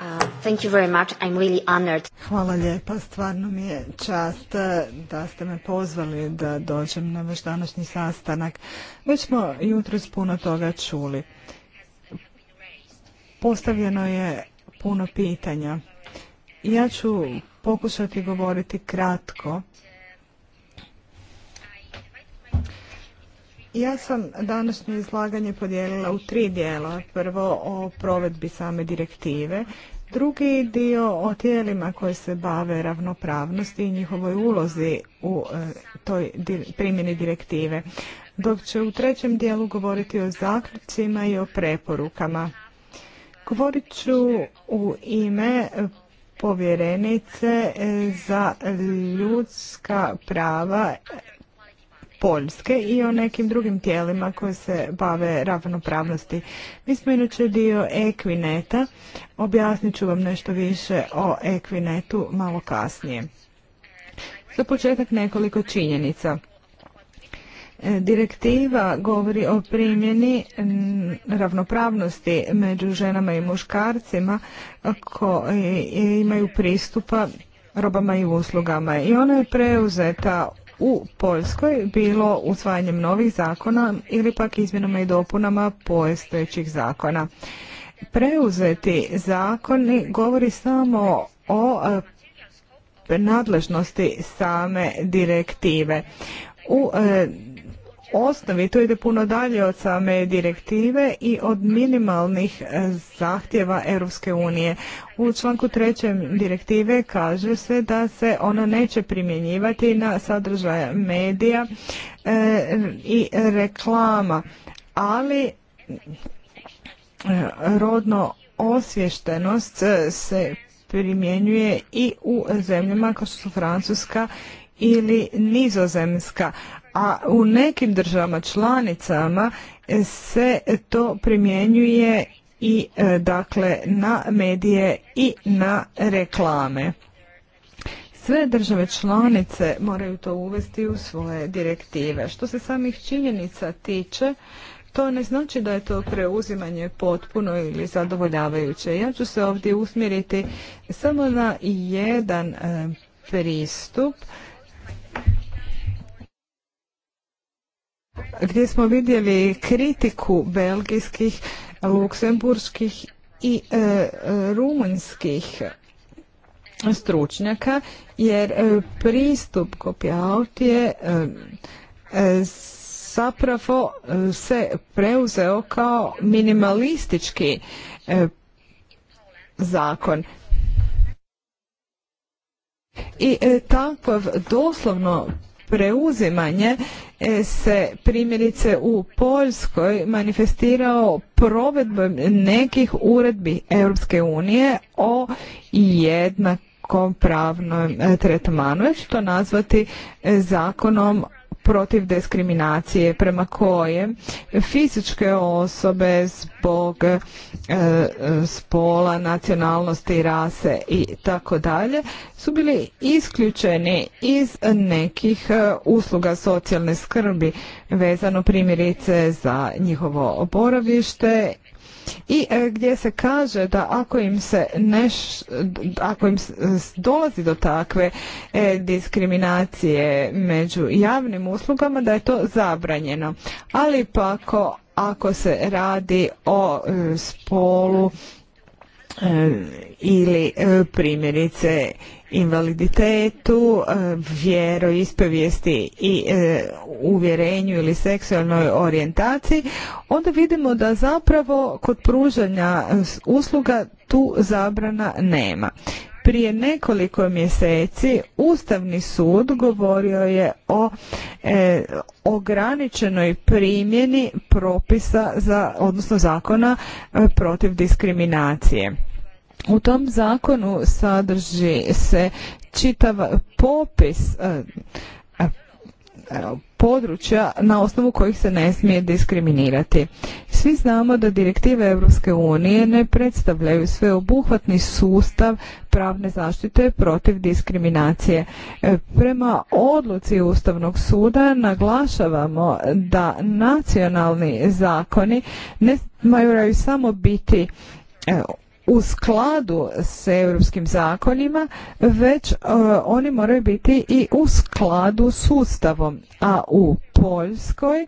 Uh, thank you very Hvala lijepa, stvarno mi je čast e, da ste me pozvali da dođem na vaš današnji sastanak. Već smo jutros puno toga čuli. Postavljeno je puno pitanja. Ja ću pokušati govoriti kratko. Ja sam današnje izlaganje podijelila u tri dijela. Prvo o provedbi same direktive, drugi dio o tijelima koje se bave ravnopravnosti i njihovoj ulozi u e, toj primjeni direktive, dok će u trećem dijelu govoriti o zaključcima i o preporukama. Govorit ću u ime povjerenice e, za ljudska prava Poljske i o nekim drugim tijelima koje se bave ravnopravnosti. Mi smo inače dio Equineta. objasnit ću vam nešto više o Ekvinetu malo kasnije. Za početak nekoliko činjenica. Direktiva govori o primjeni ravnopravnosti među ženama i muškarcima koji imaju pristupa robama i uslugama i ona je preuzeta u Poljskoj bilo usvajanjem novih zakona ili pak izmjenama i dopunama postojećih zakona. Preuzeti zakoni govori samo o e, nadležnosti same direktive. U e, osnovi to ide puno dalje od same direktive i od minimalnih e, zahtjeva Europske unije. U članku trećem direktive kaže se da se ona neće primjenjivati na sadržaje medija e, i reklama, ali e, rodno osvještenost se primjenjuje i u zemljama kao što su Francuska ili Nizozemska, a u nekim državama članicama se to primjenjuje i e, dakle na medije i na reklame. Sve države članice moraju to uvesti u svoje direktive. Što se samih činjenica tiče, to ne znači da je to preuzimanje potpuno ili zadovoljavajuće. Ja ću se ovdje usmjeriti samo na jedan e, pristup gdje smo vidjeli kritiku belgijskih, luksemburskih i e, e, rumunjskih stručnjaka jer e, pristup kopijautije je e, zapravo se preuzeo kao minimalistički zakon. I takav doslovno preuzimanje e, se primjerice u Poljskoj manifestirao provedbom nekih uredbi Europske unije o jednakom pravnom e, tretmanu, to nazvati e, zakonom protiv diskriminacije prema kojem fizičke osobe zbog e, spola, nacionalnosti, rase i tako dalje su bili isključeni iz nekih e, usluga socijalne skrbi vezano primjerice za njihovo boravište i e, gdje se kaže da ako im se neš, ako im dolazi do takve e, diskriminacije među javnim uslugama da je to zabranjeno. Ali pa ako, ako se radi o e, spolu Eh, ili eh, primjerice invaliditetu, eh, vjeroispovijesti i uvjerenju ili seksualnoj orijentaciji, onda vidimo da zapravo kod pružanja usluga tu zabrana nema. Prije nekoliko mjeseci Ustavni sud govorio je o ograničenoj primjeni propisa za odnosno zakona protiv diskriminacije. U tom zakonu sadrži se čitav popis e, e, e, područja na osnovu kojih se ne smije diskriminirati. Svi znamo da direktive Europske unije ne predstavljaju sveobuhvatni sustav pravne zaštite protiv diskriminacije. Prema odluci Ustavnog suda naglašavamo da nacionalni zakoni ne moraju samo biti u skladu s europskim zakonima, već e, oni moraju biti i u skladu s Ustavom. A u Poljskoj,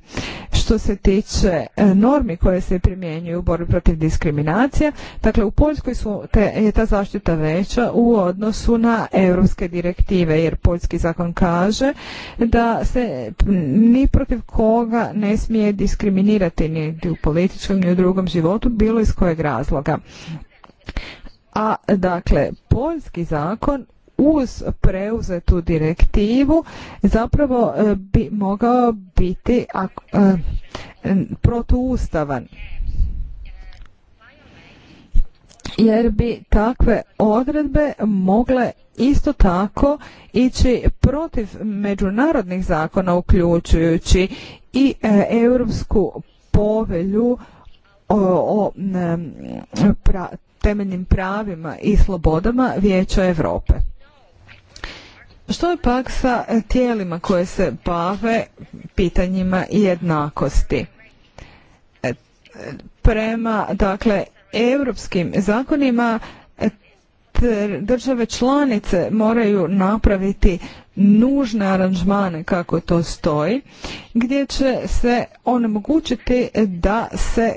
što se tiče e, normi koje se primjenjuju u borbi protiv diskriminacije, dakle u Poljskoj su te, je ta zaštita veća u odnosu na europske direktive, jer poljski zakon kaže da se ni protiv koga ne smije diskriminirati ni u političkom ni u drugom životu, bilo iz kojeg razloga. A dakle, poljski zakon uz preuzetu direktivu zapravo e, bi mogao biti e, protuustavan. Jer bi takve odredbe mogle isto tako ići protiv međunarodnih zakona uključujući i e, europsku povelju o, temeljnim pravima i slobodama Vijeća Europe. Što je pak sa tijelima koje se bave pitanjima jednakosti? E, prema dakle europskim zakonima e, države članice moraju napraviti nužne aranžmane kako to stoji gdje će se onemogućiti da se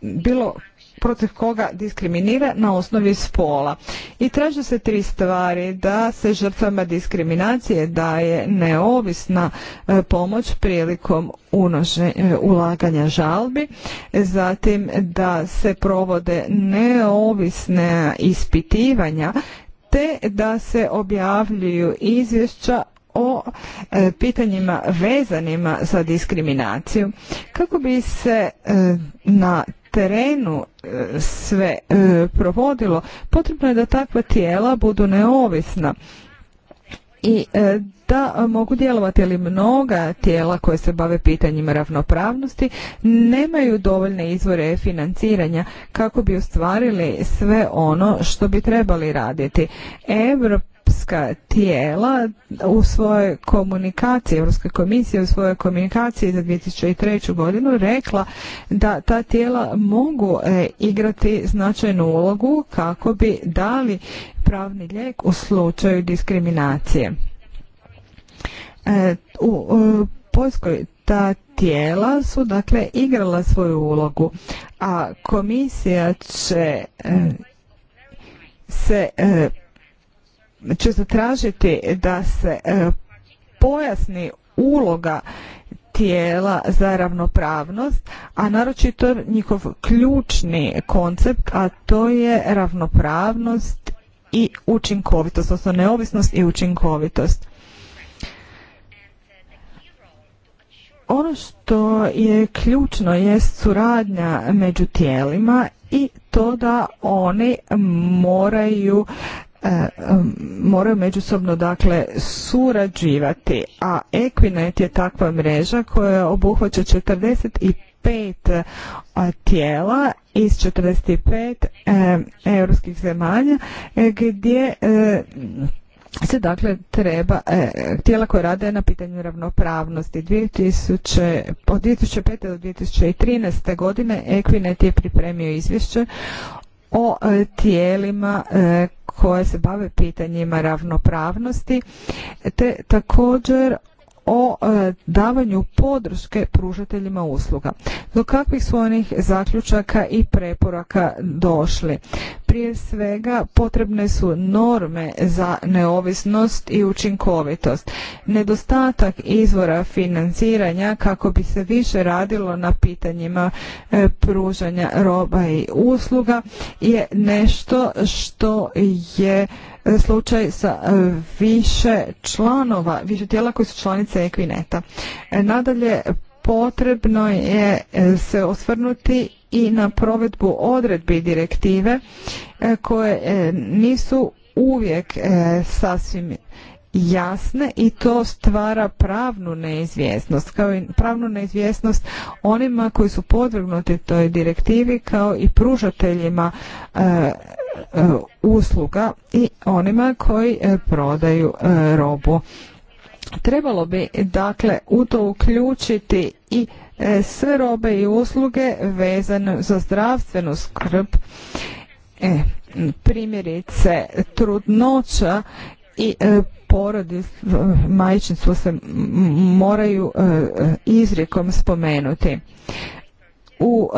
bilo protiv koga diskriminira na osnovi spola. I traže se tri stvari, da se žrtvama diskriminacije daje neovisna e, pomoć prilikom e, ulaganja žalbi, zatim da se provode neovisne ispitivanja te da se objavljuju izvješća o e, pitanjima vezanima za diskriminaciju kako bi se na terenu e, sve e, provodilo, potrebno je da takva tijela budu neovisna i e, da mogu djelovati, ali mnoga tijela koje se bave pitanjima ravnopravnosti nemaju dovoljne izvore financiranja kako bi ostvarili sve ono što bi trebali raditi. Evrop tijela u svojoj komunikaciji, Europska komisija u svojoj komunikaciji za 2003. godinu rekla da ta tijela mogu e, igrati značajnu ulogu kako bi dali pravni lijek u slučaju diskriminacije. E, u, Poljskoj ta tijela su dakle igrala svoju ulogu, a komisija će e, se će zatražiti da se e, pojasni uloga tijela za ravnopravnost, a naročito njihov ključni koncept, a to je ravnopravnost i učinkovitost, odnosno neovisnost i učinkovitost. Ono što je ključno je suradnja među tijelima i to da oni moraju E, moraju međusobno dakle surađivati, a Equinet je takva mreža koja obuhvaća 45 e, tijela iz 45 e, europskih zemalja gdje se dakle treba tijela koje rade na pitanju ravnopravnosti 2000, od 2005. do 2013. godine Equinet je pripremio izvješće o tijelima koje se bave pitanjima ravnopravnosti te također o e, davanju podrške pružateljima usluga. Do kakvih su onih zaključaka i preporaka došli? Prije svega potrebne su norme za neovisnost i učinkovitost. Nedostatak izvora financiranja kako bi se više radilo na pitanjima e, pružanja roba i usluga je nešto što je e, slučaj sa e, više članova, više tijela koji su članice Ekvineta. Nadalje, potrebno je se osvrnuti i na provedbu odredbi direktive e, koje e, nisu uvijek e, sasvim jasne i to stvara pravnu neizvjesnost, kao i pravnu neizvjesnost onima koji su podvrgnuti toj direktivi kao i pružateljima usluga i onima koji prodaju robu. Trebalo bi dakle u to uključiti i E, s robe i usluge vezane za zdravstvenu skrb. E, primjerice, trudnoća i e, porodi, majčinstvo se moraju izrijekom spomenuti. U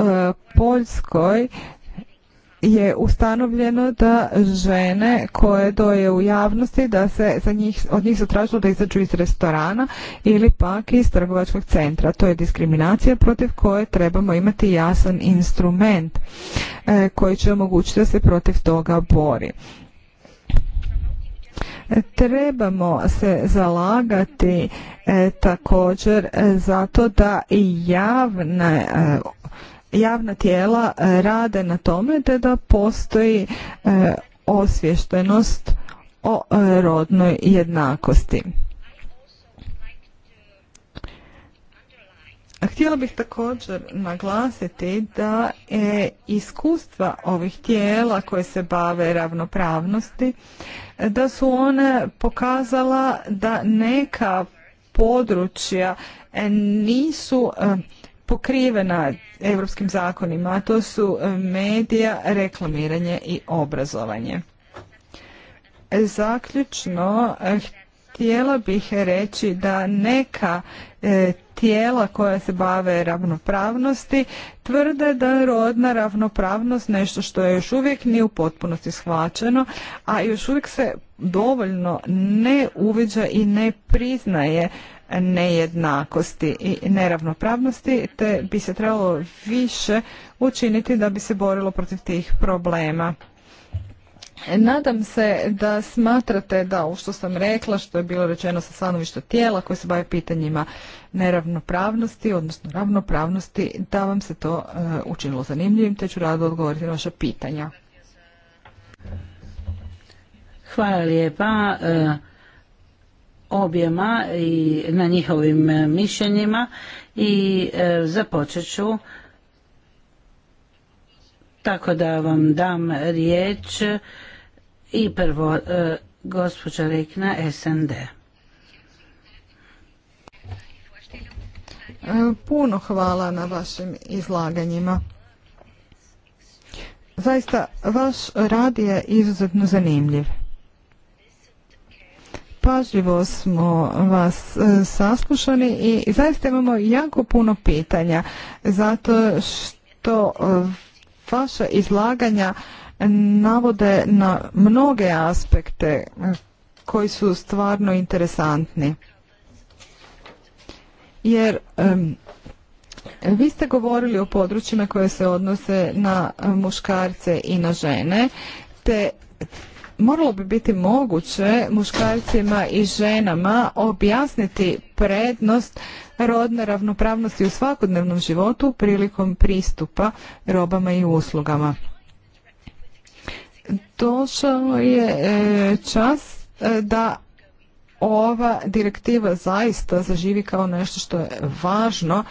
Poljskoj je ustanovljeno da žene koje doje u javnosti da se za njih, od njih se da izađu iz restorana ili pak iz trgovačkog centra. To je diskriminacija protiv koje trebamo imati jasan instrument e, koji će omogućiti da se protiv toga bori. Trebamo se zalagati e, također zato da i javne e, javna tijela e, rade na tome te da postoji e, osviještenost o e, rodnoj jednakosti. Htjela bih također naglasiti da je iskustva ovih tijela koje se bave ravnopravnosti, da su one pokazala da neka područja nisu pokrivena europskim zakonima, a to su e, medija, reklamiranje i obrazovanje. E, zaključno, e, htjela bih reći da neka tijela koja se bave ravnopravnosti tvrde da je rodna ravnopravnost nešto što je još uvijek nije u potpunosti shvaćeno, a još uvijek se dovoljno ne uviđa i ne priznaje nejednakosti i neravnopravnosti, te bi se trebalo više učiniti da bi se borilo protiv tih problema. Nadam se da smatrate da ovo što sam rekla, što je bilo rečeno sa stanovišta tijela koje se bave pitanjima neravnopravnosti, odnosno ravnopravnosti, da vam se to e, učinilo zanimljivim, te ću rado odgovoriti na vaša pitanja. Hvala lijepa. E, objema i na njihovim e, mišljenjima i e, započet ću tako da vam dam riječ i prvo e, gospođa Rekna SND. Puno hvala na vašim izlaganjima. Zaista, vaš rad je izuzetno zanimljiv pažljivo smo vas e, saslušali i zaista imamo jako puno pitanja zato što e, vaša izlaganja navode na mnoge aspekte e, koji su stvarno interesantni. Jer vi ste govorili o područjima koje se odnose na muškarce i na žene, te moralo bi biti moguće muškarcima i ženama objasniti prednost rodne ravnopravnosti u svakodnevnom životu prilikom pristupa robama i uslugama. Došao je e, čas e, da ova direktiva zaista zaživi kao nešto što je važno,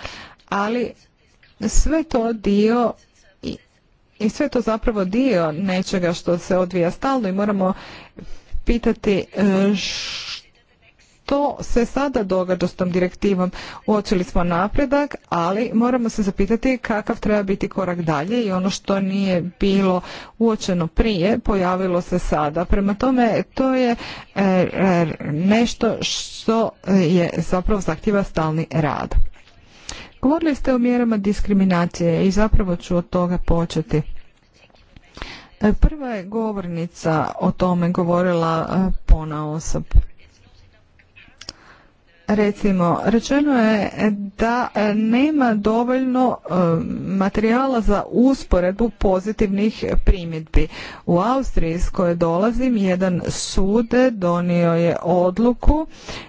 ali sve to dio i sve to zapravo dio nečega što se odvija stalno i moramo pitati e, što se sada događa s tom direktivom. Uočili smo napredak, ali moramo se zapitati kakav treba biti korak dalje i ono što nije bilo uočeno prije, pojavilo se sada. Prema tome, to je e, nešto što je zapravo zahtjeva stalni rad. Govorili ste o mjerama diskriminacije i zapravo ću od toga početi. Prva je govornica o tome govorila e, pona Recimo, rečeno je da e, nema dovoljno e, materijala za usporedbu pozitivnih primjedbi. U Austriji iz koje dolazim, jedan sud donio je odluku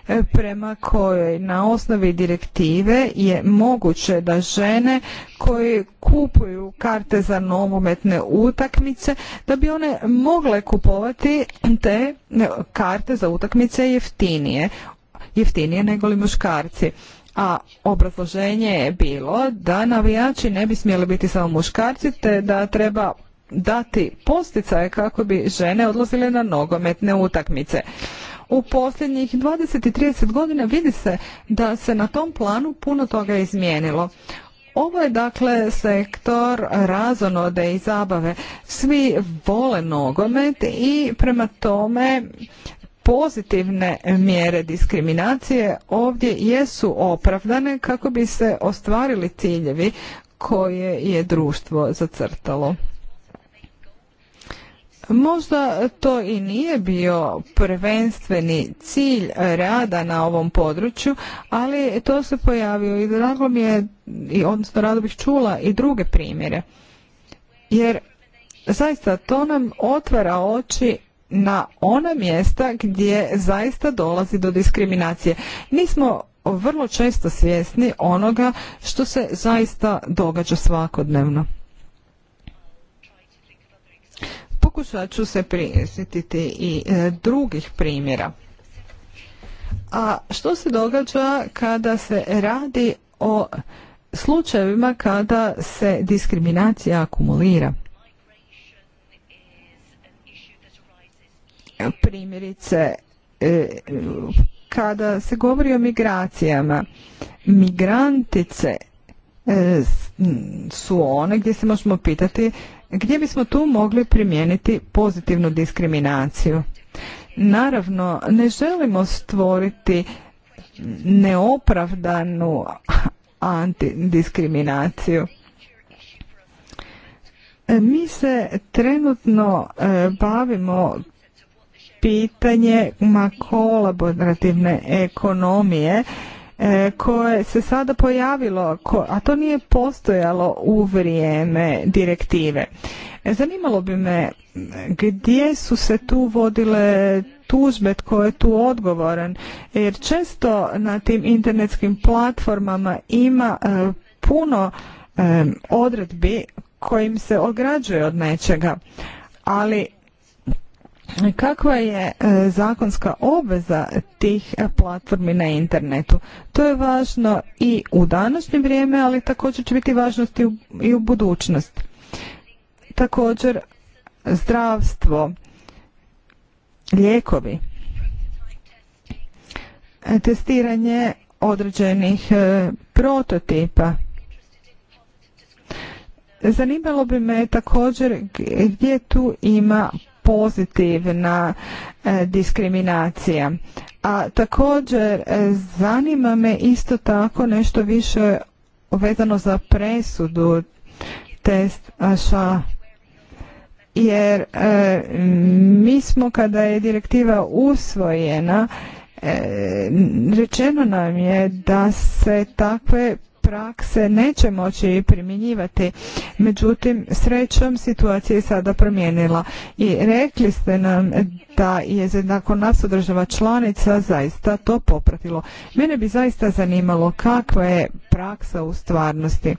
e, prema kojoj na osnovi direktive je moguće da žene koje kupuju karte za novometne utakmice, da bi one mogle kupovati te karte za utakmice jeftinije jeftinije nego li muškarci. A obrazloženje je bilo da navijači ne bi smjeli biti samo muškarci, te da treba dati posticaje kako bi žene odlazile na nogometne utakmice. U posljednjih 20 i 30 godina vidi se da se na tom planu puno toga izmijenilo. Ovo je dakle sektor razonode i zabave. Svi vole nogomet i prema tome pozitivne mjere diskriminacije ovdje jesu opravdane kako bi se ostvarili ciljevi koje je društvo zacrtalo. Možda to i nije bio prvenstveni cilj rada na ovom području, ali to se pojavio i drago mi je, odnosno rado bih čula i druge primjere. Jer zaista to nam otvara oči na ona mjesta gdje zaista dolazi do diskriminacije. Nismo vrlo često svjesni onoga što se zaista događa svakodnevno. Pokušat ću se prisjetiti i e, drugih primjera. A što se događa kada se radi o slučajevima kada se diskriminacija akumulira? primjerice e, kada se govori o migracijama migrantice e, su one gdje se možemo pitati gdje bismo tu mogli primijeniti pozitivnu diskriminaciju naravno ne želimo stvoriti neopravdanu antidiskriminaciju e, mi se trenutno bavimo pitanje kolaborativne ekonomije e, koje se sada pojavilo, a to nije postojalo u vrijeme direktive. E, zanimalo bi me gdje su se tu vodile tužbe, tko je tu odgovoran, jer često na tim internetskim platformama ima e, puno odredbi kojim se ograđuje od nečega. Ali Kakva je e, zakonska obveza tih e, platformi na internetu? To je važno i u današnje vrijeme, ali također će biti važnost i u budućnost. Također zdravstvo, lijekovi, e, testiranje određenih prototipa. Zanimalo bi me također gdje tu ima pozitivna e, diskriminacija. A također e, zanima me isto tako nešto više vezano za presudu test aša jer e, mi smo kada je direktiva usvojena rečeno nam je da se takve prakse neće moći primjenjivati. Međutim, srećom situacija je sada promijenila i rekli ste nam da je nakon nas država članica zaista to popratilo. Mene bi zaista zanimalo kakva je praksa u stvarnosti.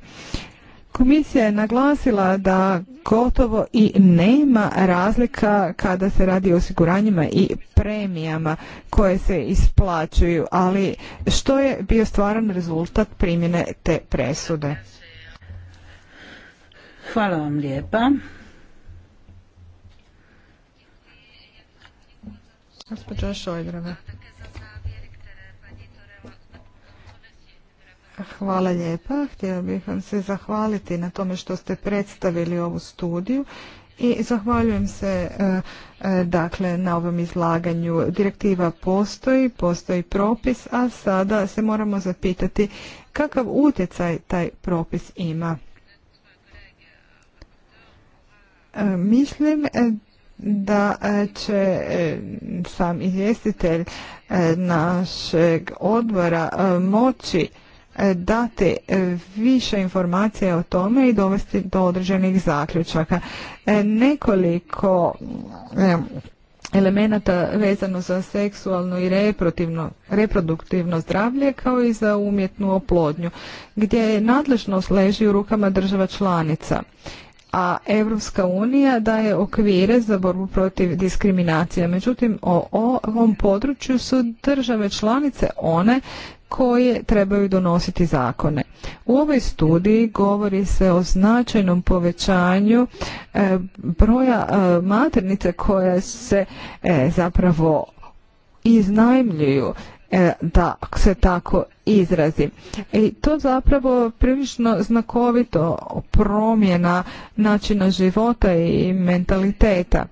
Komisija je naglasila da gotovo i nema razlika kada se radi o osiguranjima i premijama koje se isplaćuju, ali što je bio stvaran rezultat primjene te presude? Hvala vam lijepa. Gospođa Šojdrava. Hvala lijepa. Htjela bih vam se zahvaliti na tome što ste predstavili ovu studiju i zahvaljujem se e, e, dakle na ovom izlaganju. Direktiva postoji, postoji propis, a sada se moramo zapitati kakav utjecaj taj propis ima. E, mislim da će sam izvjestitelj našeg odbora moći E, dati e, više informacije o tome i dovesti do određenih zaključaka. E, nekoliko elemenata vezano za seksualno i reproduktivno zdravlje kao i za umjetnu oplodnju gdje nadležnost leži u rukama država članica a Europska unija daje okvire za borbu protiv diskriminacije. Međutim, o ovom području su države članice one koje trebaju donositi zakone. U ovoj studiji govori se o značajnom povećanju e, broja e, maternice koje se e, zapravo iznajmljuju da se tako izrazi. I to zapravo prilično znakovito promjena načina života i mentaliteta.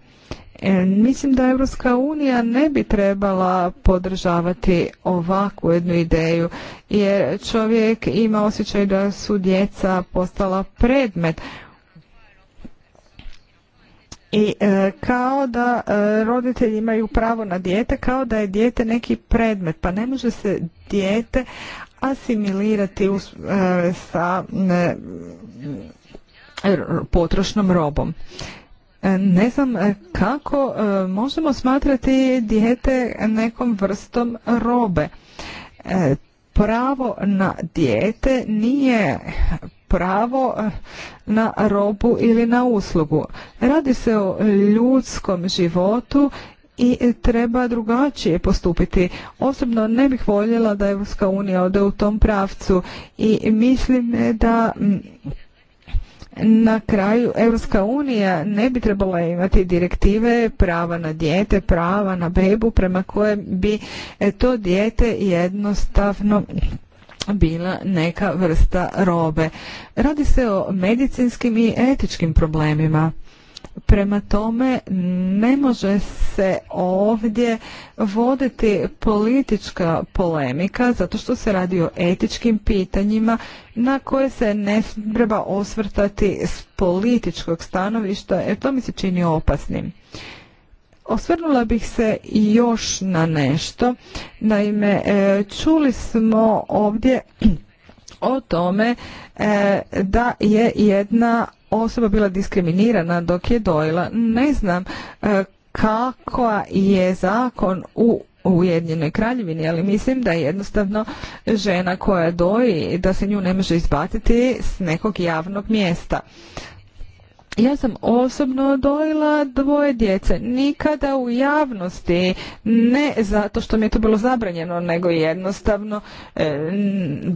E, mislim da Europska unija ne bi trebala podržavati ovakvu jednu ideju, jer čovjek ima osjećaj da su djeca postala predmet i e, kao da e, roditelji imaju pravo na dijete kao da je dijete neki predmet pa ne može se dijete asimilirati sa potrošnom robom E, ne znam e, kako e, možemo smatrati dijete nekom vrstom robe. Pravo na dijete nije pravo na robu ili na uslugu. Radi se o ljudskom životu i treba drugačije postupiti. Osobno ne bih voljela da Evropska unija ode u tom pravcu i mislim da na kraju, Europska unija ne bi trebala imati direktive prava na dijete, prava na bebu, prema kojem bi e, to dijete jednostavno bila neka vrsta robe. Radi se o medicinskim i etičkim problemima. Prema tome ne može se ovdje voditi politička polemika zato što se radi o etičkim pitanjima na koje se ne treba osvrtati s političkog stanovišta jer to mi se čini opasnim. Osvrnula bih se još na nešto. Naime, e, čuli smo ovdje o tome e, da je jedna osoba bila diskriminirana dok je dojela. Ne znam e, kako je zakon u Ujedinjenoj kraljevini, ali mislim da je jednostavno žena koja doji, da se nju ne može izbaciti s nekog javnog mjesta. Ja sam osobno dojela dvoje djece, nikada u javnosti, ne zato što mi je to bilo zabranjeno, nego jednostavno e,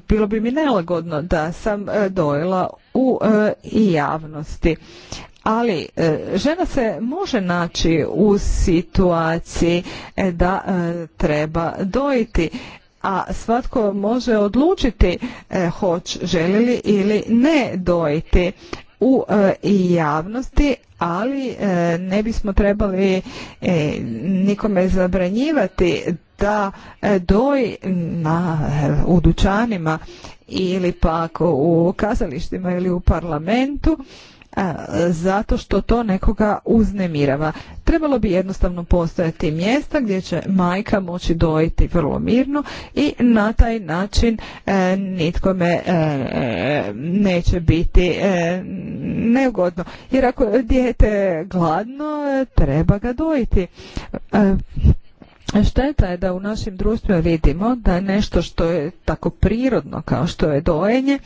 bilo bi mi nelagodno da sam e, dojela u e, javnosti. Ali žena se može naći u situaciji da treba dojiti a svatko može odlučiti hoć želi li ili ne dojiti u e, javnosti, ali e, ne bismo trebali e, nikome zabranjivati da doj na, u dućanima ili pak u kazalištima ili u parlamentu zato što to nekoga uznemirava. Trebalo bi jednostavno postojati mjesta gdje će majka moći dojiti vrlo mirno i na taj način e, nitkome e, neće biti e, neugodno. Jer ako dijete gladno, treba ga dojiti. Šteta je da u našim društvima vidimo da nešto što je tako prirodno kao što je dojenje,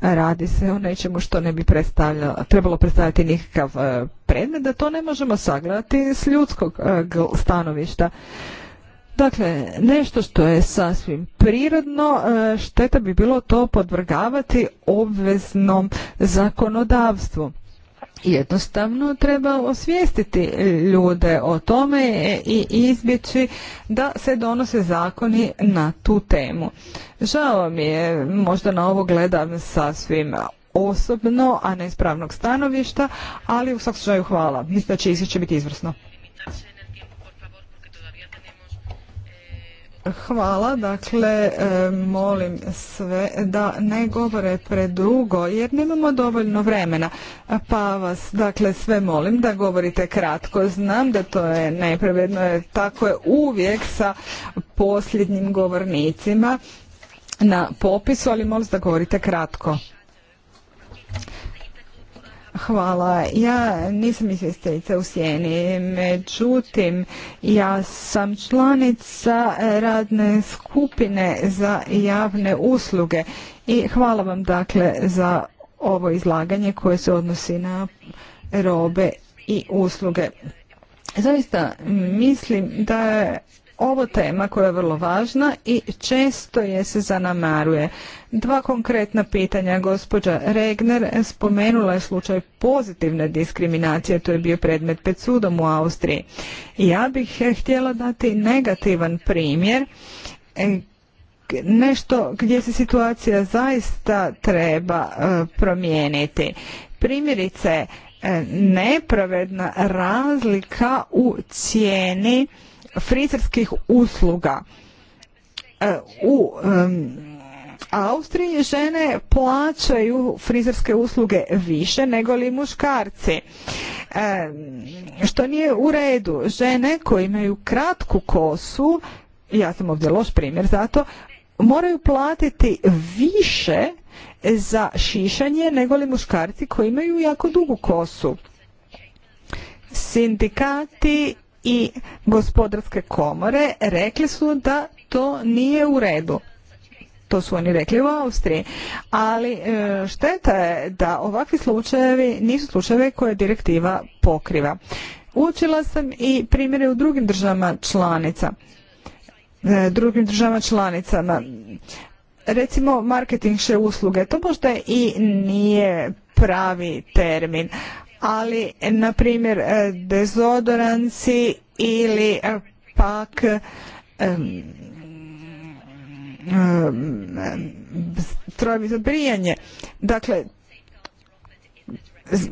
radi se o nečemu što ne bi trebalo predstavljati nikakav e, predmet, da to ne možemo sagledati s ljudskog e, stanovišta. Dakle, nešto što je sasvim prirodno, e, šteta bi bilo to podvrgavati obveznom zakonodavstvu jednostavno treba osvijestiti ljude o tome i izbjeći da se donose zakoni na tu temu. Žao mi je, možda na ovo gledam sasvim osobno, a ne iz pravnog stanovišta, ali u svakom slučaju hvala. Mislim da će izvješće biti izvrsno. Hvala, dakle e, molim sve da ne govore predugo jer nemamo dovoljno vremena. Pa vas dakle sve molim da govorite kratko. Znam da to je nepravedno je tako je uvijek sa posljednjim govornicima na popisu, ali molim da govorite kratko. Hvala. Ja nisam izvjestiteljica u Sjeni, međutim ja sam članica radne skupine za javne usluge i hvala vam dakle za ovo izlaganje koje se odnosi na robe i usluge. Zaista mislim da je ovo tema koja je vrlo važna i često je se zanamaruje. Dva konkretna pitanja. Gospođa Regner spomenula je slučaj pozitivne diskriminacije, to je bio predmet pred sudom u Austriji. Ja bih eh, htjela dati negativan primjer eh, nešto gdje se situacija zaista treba eh, promijeniti. Primjerice, nepravedna razlika u cijeni frizerskih usluga u Austriji žene plaćaju frizerske usluge više nego li muškarci. E, što nije u redu. Žene koje imaju kratku kosu, ja sam ovdje loš primjer zato, moraju platiti više za šišanje nego li muškarci koji imaju jako dugu kosu. Sindikati i gospodarske komore rekli su da to nije u redu to su oni rekli u Austriji. Ali e, šteta je da ovakvi slučajevi nisu slučajevi koje direktiva pokriva. Učila sam i primjere u drugim državama članica. E, drugim državama članicama. Recimo marketingše usluge, to možda i nije pravi termin, ali na primjer e, dezodoranci ili pak strojevi za brijanje. Dakle,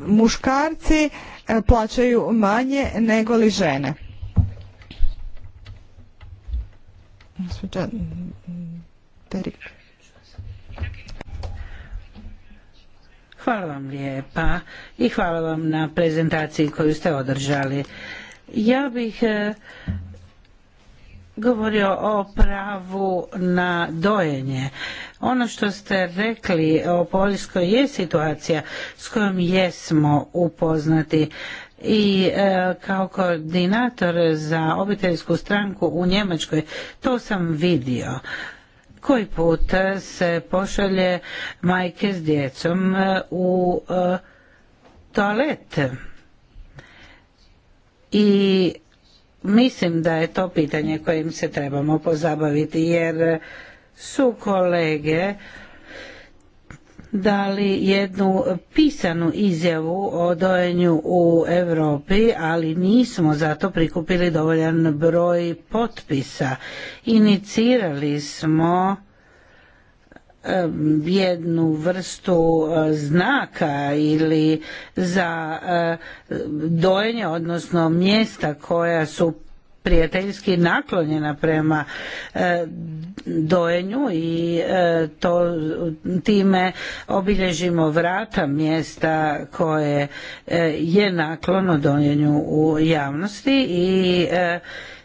muškarci e, plaćaju manje nego li žene. Hvala vam lijepa i hvala vam na prezentaciji koju ste održali. Ja bih e, govorio o pravu na dojenje. Ono što ste rekli o Poljskoj je situacija s kojom jesmo upoznati i e, kao koordinator za obiteljsku stranku u Njemačkoj to sam vidio koji put se pošalje majke s djecom e, u e, toalet i Mislim da je to pitanje kojim se trebamo pozabaviti jer su kolege dali jednu pisanu izjavu o dojenju u Europi, ali nismo zato prikupili dovoljan broj potpisa. Inicirali smo jednu vrstu e, znaka ili za e, dojenje, odnosno mjesta koja su prijateljski naklonjena prema e, dojenju i to time obilježimo vrata mjesta koje je naklono dojenju u javnosti i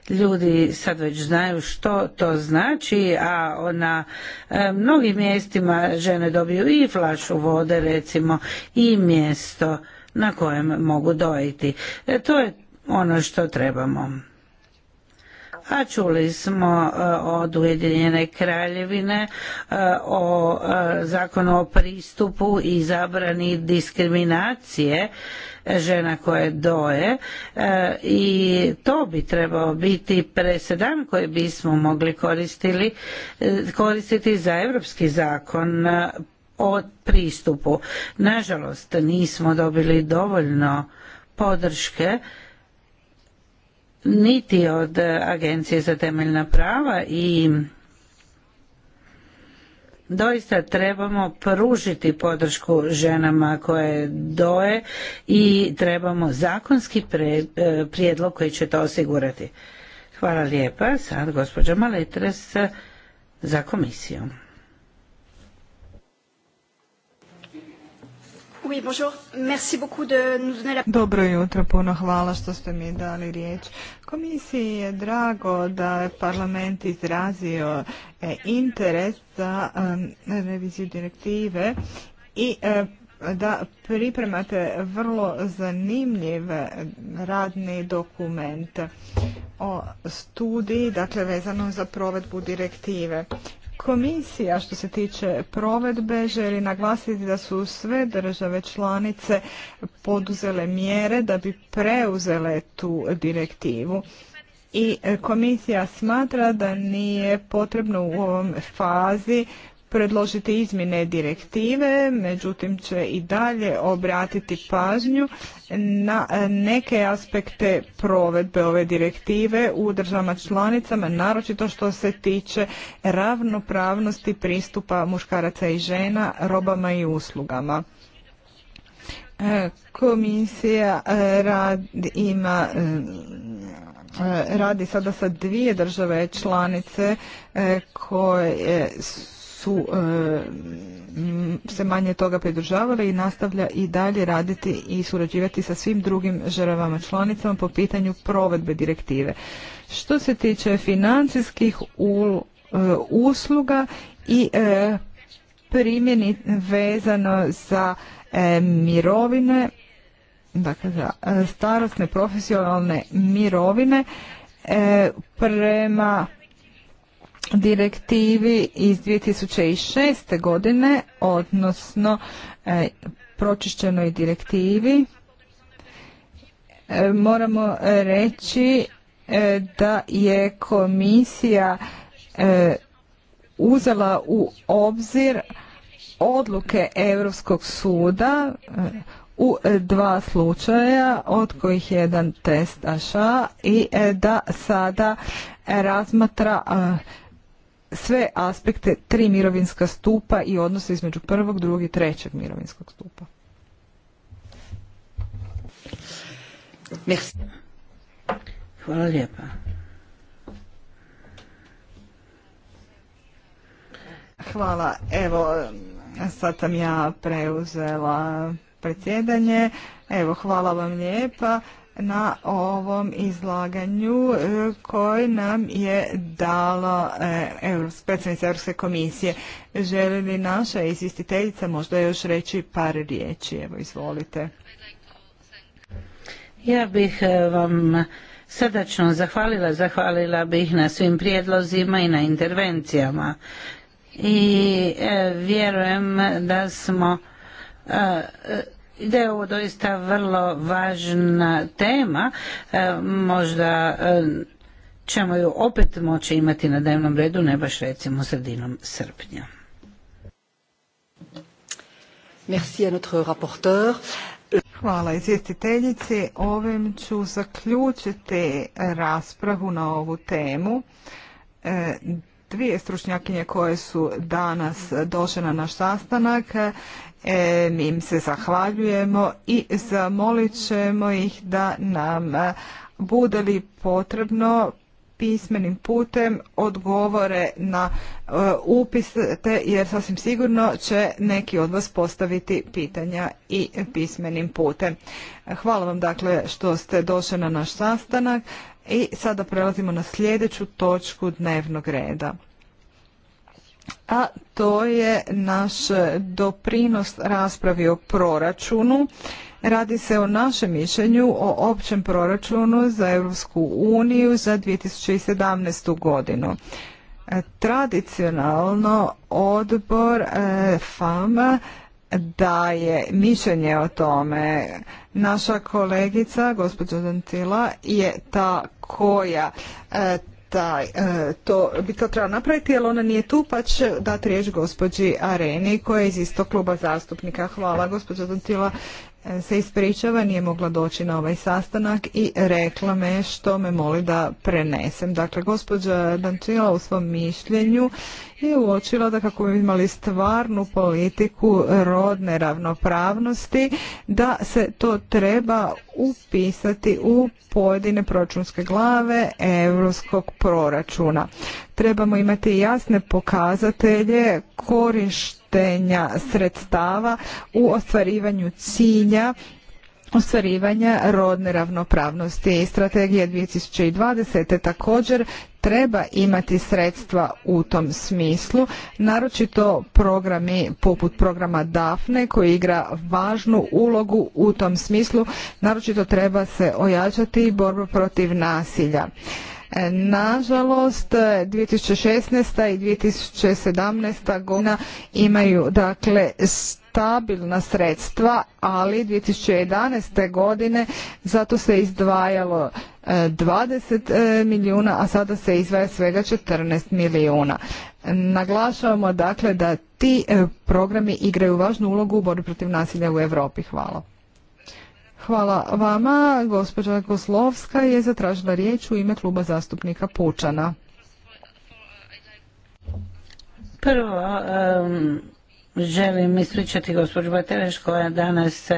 ljudi sad već znaju što to znači, a na e, mnogim mjestima žene dobiju i flašu vode recimo i mjesto na kojem mogu dojiti. E, to je ono što trebamo a čuli smo e, od Ujedinjene kraljevine e, o e, zakonu o pristupu i zabrani diskriminacije žena koje doje i to bi trebao biti presedan koji bismo mogli koristili, koristiti za europski zakon o pristupu. Nažalost nismo dobili dovoljno podrške niti od Agencije za temeljna prava i doista trebamo pružiti podršku ženama koje doje i trebamo zakonski e, prijedlog koji će to osigurati. Hvala lijepa. Sad gospođa Maletres za komisijom. Dobro jutro, puno hvala što ste mi dali riječ. Komisiji je drago da je parlament izrazio e, interes za reviziju direktive i e, da pripremate vrlo zanimljiv radni dokument o studiji, dakle vezano za provedbu direktive. Komisija što se tiče provedbe želi naglasiti da su sve države članice poduzele mjere da bi preuzele tu direktivu i komisija smatra da nije potrebno u ovom fazi predložiti izmjene direktive, međutim će i dalje obratiti pažnju na neke aspekte provedbe ove direktive u državama članicama, naročito što se tiče ravnopravnosti pristupa muškaraca i žena robama i uslugama. E, komisija e, rad, ima e, radi sada sa dvije države članice koje su su e, se manje toga pridržavale i nastavlja i dalje raditi i surađivati sa svim drugim žravama članicama po pitanju provedbe direktive. Što se tiče financijskih e, usluga i e, primjeni vezano za mirovine, dakle za starosne profesionalne mirovine, prema direktivi iz 2006. godine, odnosno e, pročišćenoj direktivi, e, moramo reći e, da je komisija uzela u obzir odluke Europskog suda u dva slučaja, od kojih jedan test AŠA i da sada razmatra sve aspekte tri mirovinska stupa i odnose između prvog, drugog i trećeg mirovinskog stupa. Merci. Hvala lijepa. Hvala. Evo, sad sam ja preuzela predsjedanje. Evo, hvala vam lijepa na ovom izlaganju e, koje nam je dala e, predsjednica Europske komisije. Želi li naša izvjestiteljica možda još reći par riječi? Evo, izvolite. Ja bih e, vam srdačno zahvalila. Zahvalila bih na svim prijedlozima i na intervencijama. I vjerujem da smo da je ovo doista vrlo važna tema, e, možda e, ćemo ju opet moći imati na dnevnom redu, ne baš recimo sredinom srpnja. Merci Hvala izvjestiteljici. Ovim ću zaključiti raspravu na ovu temu. E, dvije stručnjakinje koje su danas došle na naš sastanak. E, mi im se zahvaljujemo i zamolit ćemo ih da nam e, bude li potrebno pismenim putem odgovore na e, upis te jer sasvim sigurno će neki od vas postaviti pitanja i pismenim putem. Hvala vam dakle što ste došli na naš sastanak i sada prelazimo na sljedeću točku dnevnog reda. A to je naš doprinos raspravi o proračunu Radi se o našem mišljenju o općem proračunu za Europsku uniju za 2017. godinu. Tradicionalno odbor e, FAMA daje mišljenje o tome. Naša kolegica, gospođa Dantila, je ta koja e, taj, e, to bi to trebalo napraviti, jer ona nije tu, pa će dati riječ gospođi Areni, koja je iz istog kluba zastupnika. Hvala, gospođa Dantila se ispričava, nije mogla doći na ovaj sastanak i rekla me što me moli da prenesem. Dakle, gospođa Dančila u svom mišljenju je uočila da kako bi imali stvarnu politiku rodne ravnopravnosti, da se to treba upisati u pojedine proračunske glave europskog proračuna. Trebamo imati jasne pokazatelje korištenja korištenja sredstava u ostvarivanju cilja ostvarivanja rodne ravnopravnosti. i Strategija 2020. također treba imati sredstva u tom smislu, naročito programi poput programa DAFNE koji igra važnu ulogu u tom smislu, naročito treba se ojačati borba protiv nasilja. Nažalost, 2016. i 2017. godina imaju dakle stabilna sredstva, ali 2011. godine zato se izdvajalo 20 e, e, milijuna, a sada se izdvaja svega 14 milijuna. Naglašavamo dakle da ti e, programi igraju važnu ulogu u borbi protiv nasilja u Europi. Hvala. Hvala vama. Gospođa Goslovska je zatražila riječ u ime kluba zastupnika Pučana. Prvo, želim ispričati gospođu Bateleš koja danas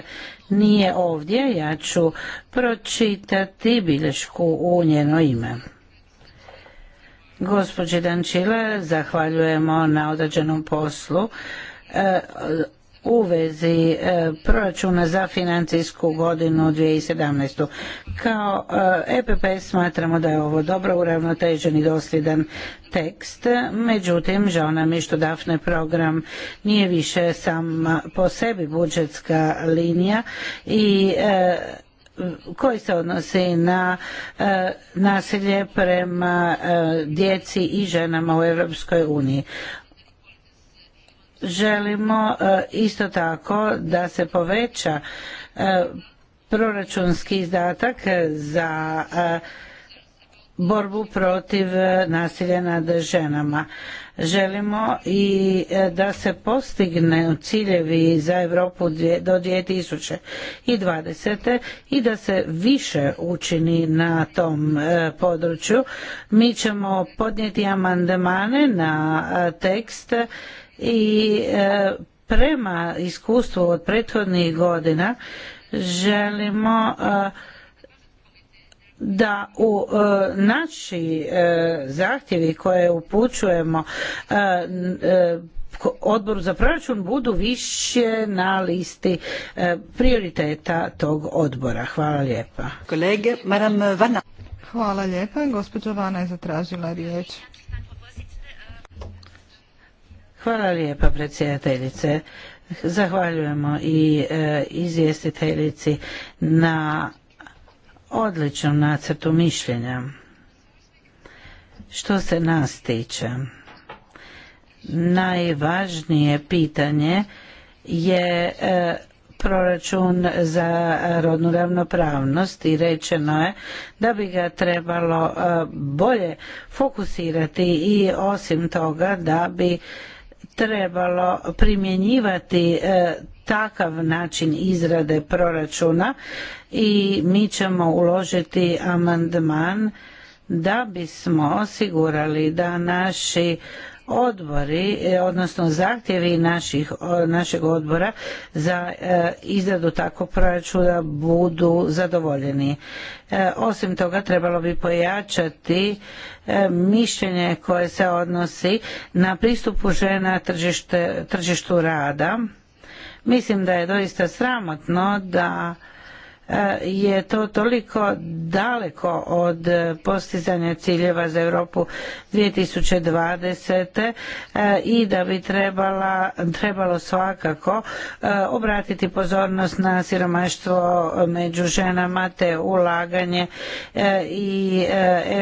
nije ovdje. Ja ću pročitati bilješku u njeno ime. Gospođi Dančila, zahvaljujemo na određenom poslu e, u vezi e, proračuna za financijsku godinu 2017. Kao EPP e smatramo da je ovo dobro uravnotežen i dosljedan tekst, međutim žao nam je što Dafne program nije više sam po sebi budžetska linija i e, koji se odnosi na nasilje prema djeci i ženama u Europskoj uniji želimo e, isto tako da se poveća e, proračunski izdatak za e, borbu protiv nasilja nad ženama. Želimo i da se postigne ciljevi za Europu do 2020. i da se više učini na tom području. Mi ćemo podnijeti amandmane na tekst i e, prema iskustvu od prethodnih godina želimo e, da u e, naši zahtjevi koje upućujemo odboru za proračun budu više na listi prioriteta tog odbora. Hvala lijepa. Kolege, Hvala lijepa. Gospođa Vana je zatražila riječ. Hvala lijepa predsjedateljice. Zahvaljujemo i e, izvjestiteljici na odličnom nacrtu mišljenja. Što se nas tiče, najvažnije pitanje je e, proračun za rodnu ravnopravnost i rečeno je da bi ga trebalo e, bolje fokusirati i osim toga da bi trebalo primjenjivati e, takav način izrade proračuna i mi ćemo uložiti amandman da bismo osigurali da naši odbori, e, odnosno zahtjevi našeg odbora za e, izradu takvog proračuna budu zadovoljeni. E, osim toga trebalo bi pojačati mišljenje koje se odnosi na pristupu žena tržištu rada. Mislim da je doista sramotno da Eh, je to toliko daleko od eh, postizanja ciljeva za Europu 2020. Eh, i da bi trebalo svakako obratiti pozornost na siromaštvo među ženama te ulaganje i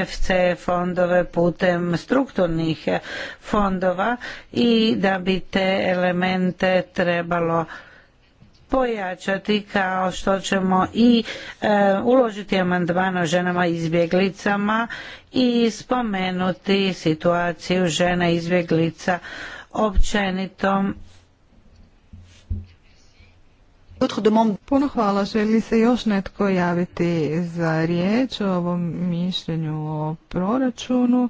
FC fondove putem strukturnih fondova i da bi te elemente trebalo pojačati kao što ćemo i e, uložiti amandman o ženama izbjeglicama i spomenuti situaciju žena izbjeglica općenito Puno hvala. Želi se još netko javiti za riječ o ovom mišljenju o proračunu?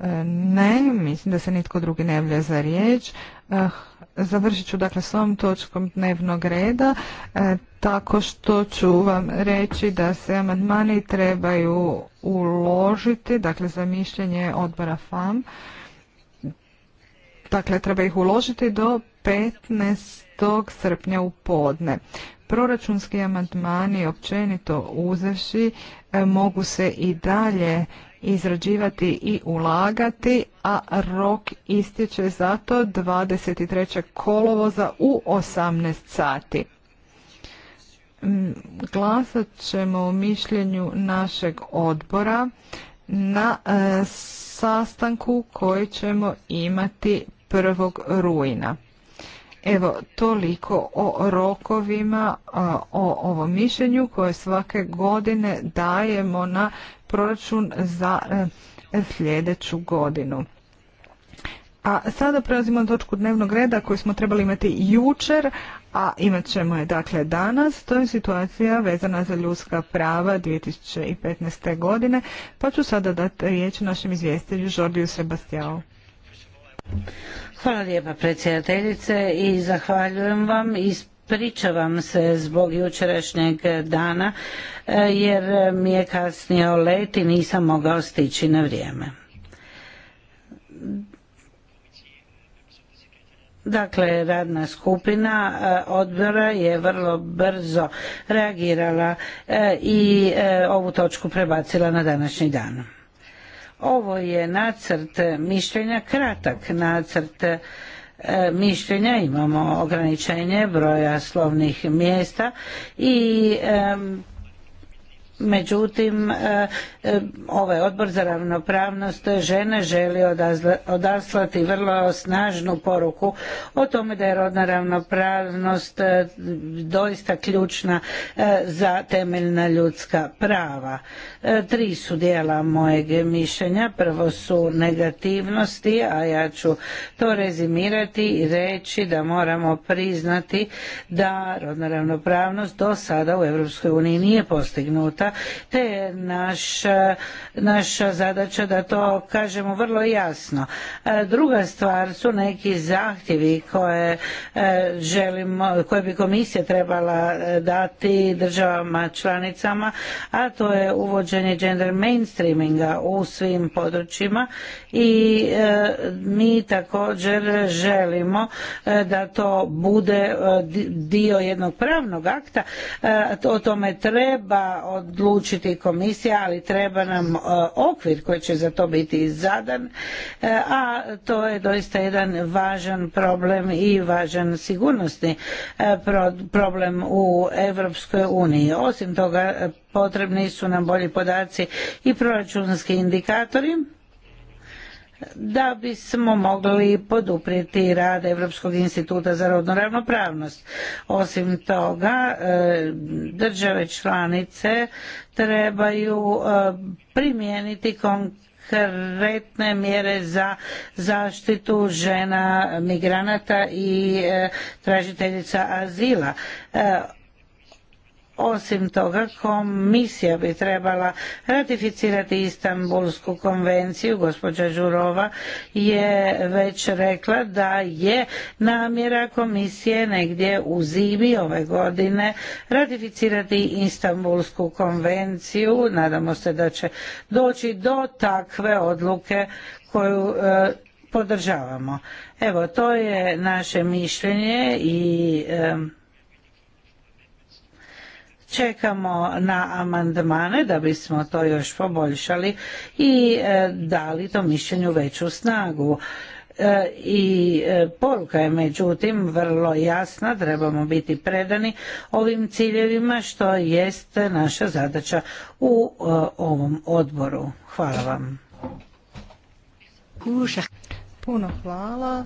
E, ne, mislim da se nitko drugi ne javlja za riječ. Eh, Završit ću dakle s ovom točkom dnevnog reda e, tako što ću vam reći da se amandmani trebaju uložiti, dakle za mišljenje odbora FAM. Dakle, treba ih uložiti do 15. srpnja u podne. Proračunski amandmani općenito uzevši e, mogu se i dalje izrađivati i ulagati, a rok istječe zato 23. kolovoza u 18 sati. Mm, glasat ćemo o mišljenju našeg odbora na e, sastanku koji ćemo imati 1. rujna. Evo, toliko o rokovima, o ovom mišljenju koje svake godine dajemo na proračun za e, sljedeću godinu. A sada prelazimo na točku dnevnog reda koju smo trebali imati jučer, a imat ćemo je dakle danas. To je situacija vezana za ljudska prava 2015. godine, pa ću sada dati riječ našem izvjestitelju Žordiju Sebastijao. Hvala lijepa predsjedateljice i zahvaljujem vam. Ispred... Pričavam se zbog jučerašnjeg dana e, jer mi je kasnio let i nisam mogao stići na vrijeme. Dakle, radna skupina e, odbora je vrlo brzo reagirala e, i ovu točku prebacila na današnji dan. Ovo je nacrt mišljenja, kratak nacrt E, mišljenja, imamo ograničenje broja slovnih mjesta i međutim e, e, ovaj odbor za ravnopravnost žene želi odaslati vrlo snažnu poruku o tome da je rodna ravnopravnost e, doista ključna za temeljna ljudska prava. Tri su dijela mojeg mišljenja. Prvo su negativnosti, a ja ću to rezimirati i reći da moramo priznati da rodna ravnopravnost do sada u EU nije postignuta to te je naš, naša zadaća da to kažemo vrlo jasno. E, druga stvar su neki zahtjevi koje e, želimo, koje bi komisija trebala e, dati državama članicama, a to je uvođenje gender mainstreaminga u svim područjima i mi također želimo da to bude dio jednog pravnog akta. O tome treba od odlučiti komisija, ali treba nam e, okvir koji će za to biti zadan, e, a to je doista jedan važan problem i važan sigurnosni e, problem u Europskoj uniji. Osim toga potrebni su nam bolji podaci i proračunski indikatori da bismo mogli poduprijeti rad Europskog instituta za rodnu ravnopravnost. Osim toga, e, države članice trebaju e, primijeniti konkretne mjere za zaštitu žena migranata i e, tražiteljica azila. Osim toga, komisija bi trebala ratificirati Istanbulsku konvenciju. Gospođa Žurova je već rekla da je namjera komisije negdje u zimi ove godine ratificirati Istanbulsku konvenciju. Nadamo se da će doći do takve odluke koju e, podržavamo. Evo, to je naše mišljenje i... E, čekamo na amandmane da bismo to još poboljšali i e, dali tom mišljenju veću snagu e, i e, poruka je međutim vrlo jasna, trebamo biti predani ovim ciljevima što jest naša zadaća u ovom odboru. Hvala vam. Puno hvala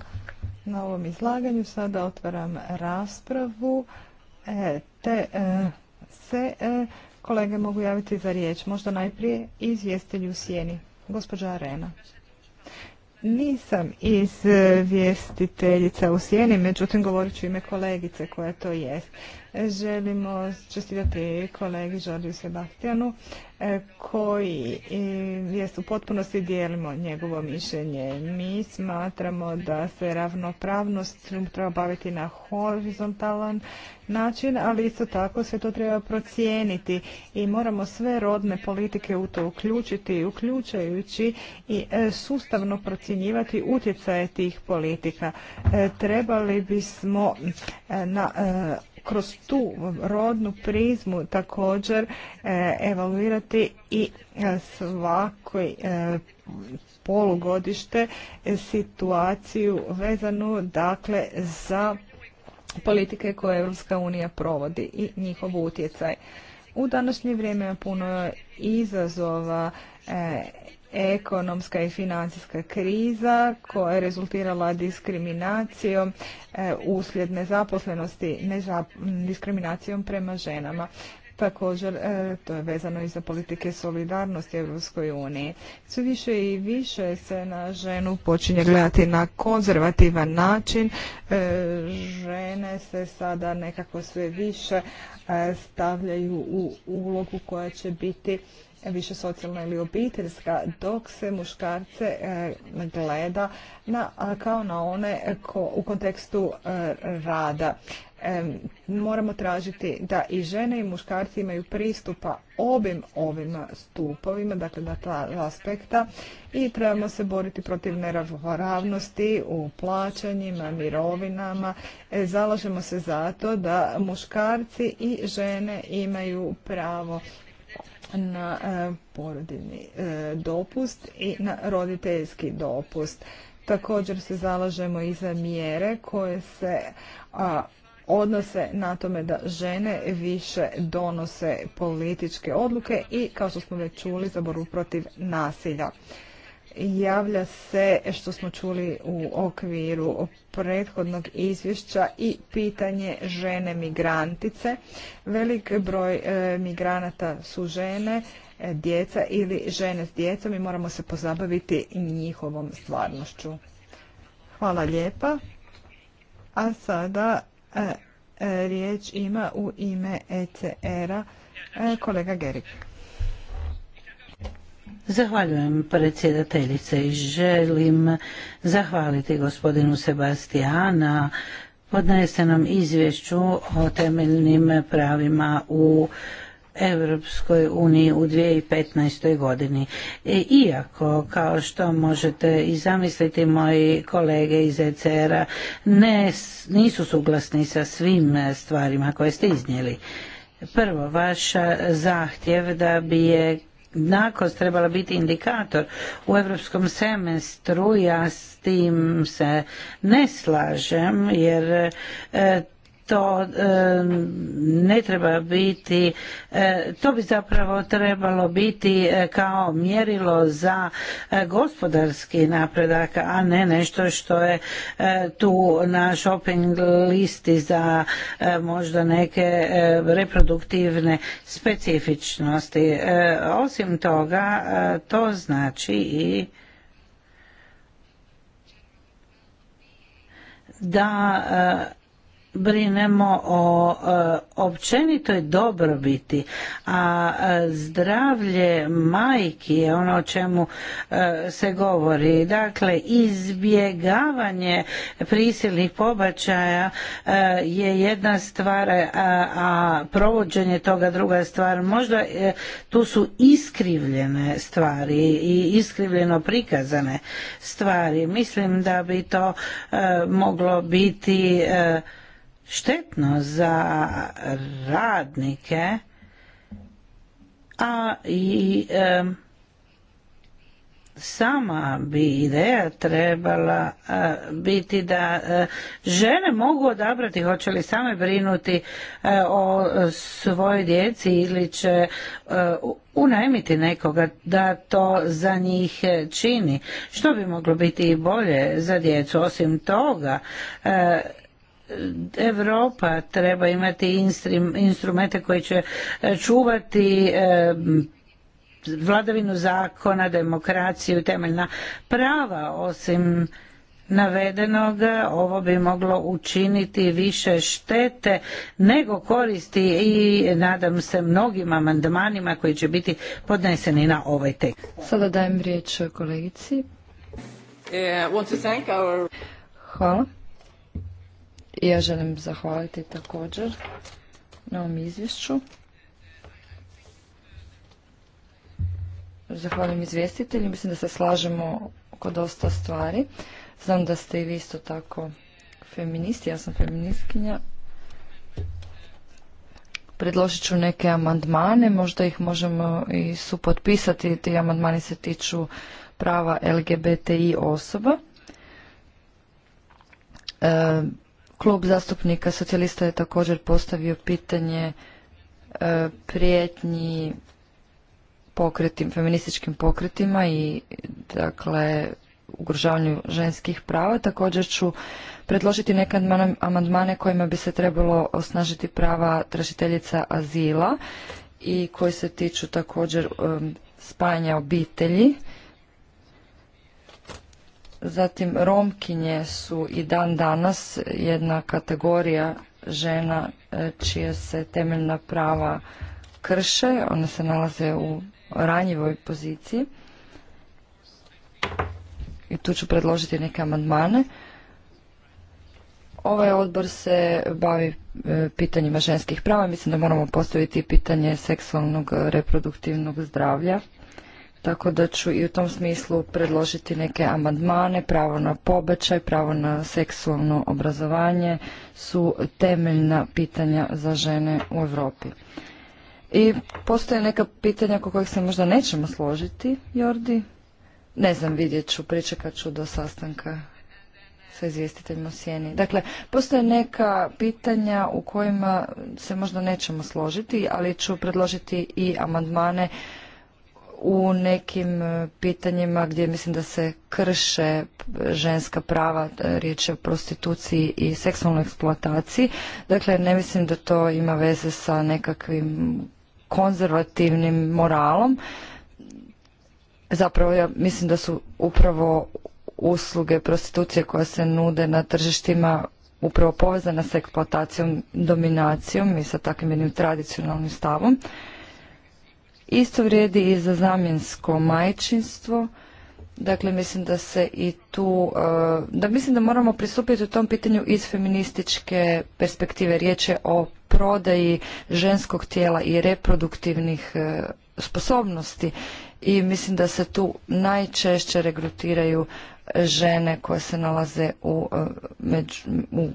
na ovom izlaganju. Sada otvaram raspravu. te se e, kolege mogu javiti za riječ. Možda najprije izvjestitelj u sjeni. Gospođa Arena. Nisam izvjestiteljica u sjeni, međutim govorit ću ime kolegice koja to jest. Želimo čestitati kolegi Žorđu Sebastijanu e, koji jest u potpunosti dijelimo njegovo mišljenje. Mi smatramo da se ravnopravnost treba baviti na horizontalan način, ali isto tako se to treba procijeniti i moramo sve rodne politike u to uključiti, uključajući i e, sustavno procjenjivati utjecaje tih politika. E, trebali bismo na kroz tu rodnu prizmu također e, evaluirati i e, svako e, polugodište situaciju vezanu dakle za politike koje Europska unija provodi i njihov utjecaj. U današnje vrijeme je puno izazova i ekonomska i financijska kriza koja je rezultirala diskriminacijom e, uslijed nezaposlenosti, diskriminacijom prema ženama. Također, e, to je vezano i za politike solidarnosti Europskoj uniji. Sve više i više se na ženu počinje gledati na konzervativan način. E, žene se sada nekako sve više stavljaju u ulogu koja će biti više socijalna ili obiteljska, dok se muškarce e, gleda na, kao na one ko, u kontekstu e, rada. E, moramo tražiti da i žene i muškarci imaju pristupa obim ovim stupovima, dakle na ta aspekta i trebamo se boriti protiv neravnosti u plaćanjima, mirovinama. zalažemo se za da muškarci i žene imaju pravo na e, porodini e, dopust i na roditeljski dopust. Također se zalažemo i za mjere koje se odnose na tome da žene više donose političke odluke i kao što smo već čuli za borbu protiv nasilja javlja se, što smo čuli u okviru prethodnog izvješća, i pitanje žene migrantice. Velik broj e, migranata su žene, e, djeca ili žene s djecom i moramo se pozabaviti njihovom stvarnošću. Hvala lijepa. A sada e, riječ ima u ime ECR-a kolega Gerik. Zahvaljujem predsjedateljice i želim zahvaliti gospodinu Sebastijana podnesenom izvješću o temeljnim pravima u Europskoj uniji u 2015. godini. E, iako, kao što možete i zamisliti, moji kolege iz ECR-a nisu suglasni sa svim stvarima koje ste iznijeli. Prvo, vaš zahtjev da bi je jednakost trebala biti indikator u europskom semestru ja s tim se ne slažem jer e, to ne treba biti, e, to bi zapravo trebalo biti e, kao mjerilo za e, gospodarski napredak, a ne nešto što je tu na shopping listi za možda neke reproduktivne specifičnosti. Osim toga, to znači i da brinemo o e, općenitoj dobrobiti, a e, zdravlje majki je ono o čemu e, se govori. Dakle, izbjegavanje prisilnih pobačaja je jedna stvar, a provođenje toga druga stvar. Možda tu su iskrivljene stvari i iskrivljeno prikazane stvari. Mislim da bi to moglo biti štetno za radnike, a i sama bi ideja trebala e, biti da e, žene mogu odabrati hoće li same brinuti e, o svojoj djeci ili će unajmiti nekoga da to za njih čini. Što bi moglo biti i bolje za djecu? Osim toga, Europa treba imati instrumente koji će e, čuvati e, vladavinu zakona, demokraciju i temeljna prava. Osim navedenog ovo bi moglo učiniti više štete nego koristi i nadam se mnogim amandmanima koji će biti podneseni na ovaj tekst. Sada dajem riječ kolegici. Uh, Hvala. I ja želim zahvaliti također na ovom izvješću. Zahvaljujem izvjestitelju. Mislim da se slažemo oko dosta stvari. Znam da ste i vi isto tako feministi. Ja sam feministkinja. Predložit ću neke amandmane. Možda ih možemo i supotpisati. Ti amandmani se tiču prava LGBTI osoba. E, Klub zastupnika socijalista je također postavio pitanje e, prijetnji pokretim, feminističkim pokretima i dakle ugrožavanju ženskih prava. Također ću predložiti neke amandmane kojima bi se trebalo osnažiti prava tražiteljica azila i koji se tiču također spajanja obitelji Zatim Romkinje su i dan danas jedna kategorija žena e, čije se temeljna prava krše, one se nalaze u ranjivoj poziciji. I tu ću predložiti neke amandmane. Ovaj odbor se bavi e, pitanjima ženskih prava. Mislim da moramo postaviti pitanje seksualnog reproduktivnog zdravlja tako da ću i u tom smislu predložiti neke amandmane, pravo na pobačaj, pravo na seksualno obrazovanje su temeljna pitanja za žene u Europi. I postoje neka pitanja oko kojih se možda nećemo složiti, Jordi. Ne znam, vidjet ću, pričekat ću do sastanka sa izvjestiteljima u Sjeni. Dakle, postoje neka pitanja u kojima se možda nećemo složiti, ali ću predložiti i amandmane u nekim e, pitanjima gdje mislim da se krše ženska prava, e, riječ je o prostituciji i seksualnoj eksploataciji. Dakle, ne mislim da to ima veze sa nekakvim konzervativnim moralom. Zapravo ja mislim da su upravo usluge prostitucije koja se nude na tržištima upravo povezana sa eksploatacijom, dominacijom i sa takvim jednim tradicionalnim stavom. Isto vrijedi i za zamjensko majčinstvo. Dakle, mislim da se i tu, e, da mislim da moramo pristupiti u tom pitanju iz feminističke perspektive. Riječ je o prodaji ženskog tijela i reproduktivnih e, sposobnosti i mislim da se tu najčešće regrutiraju žene koje se nalaze u, e, među, u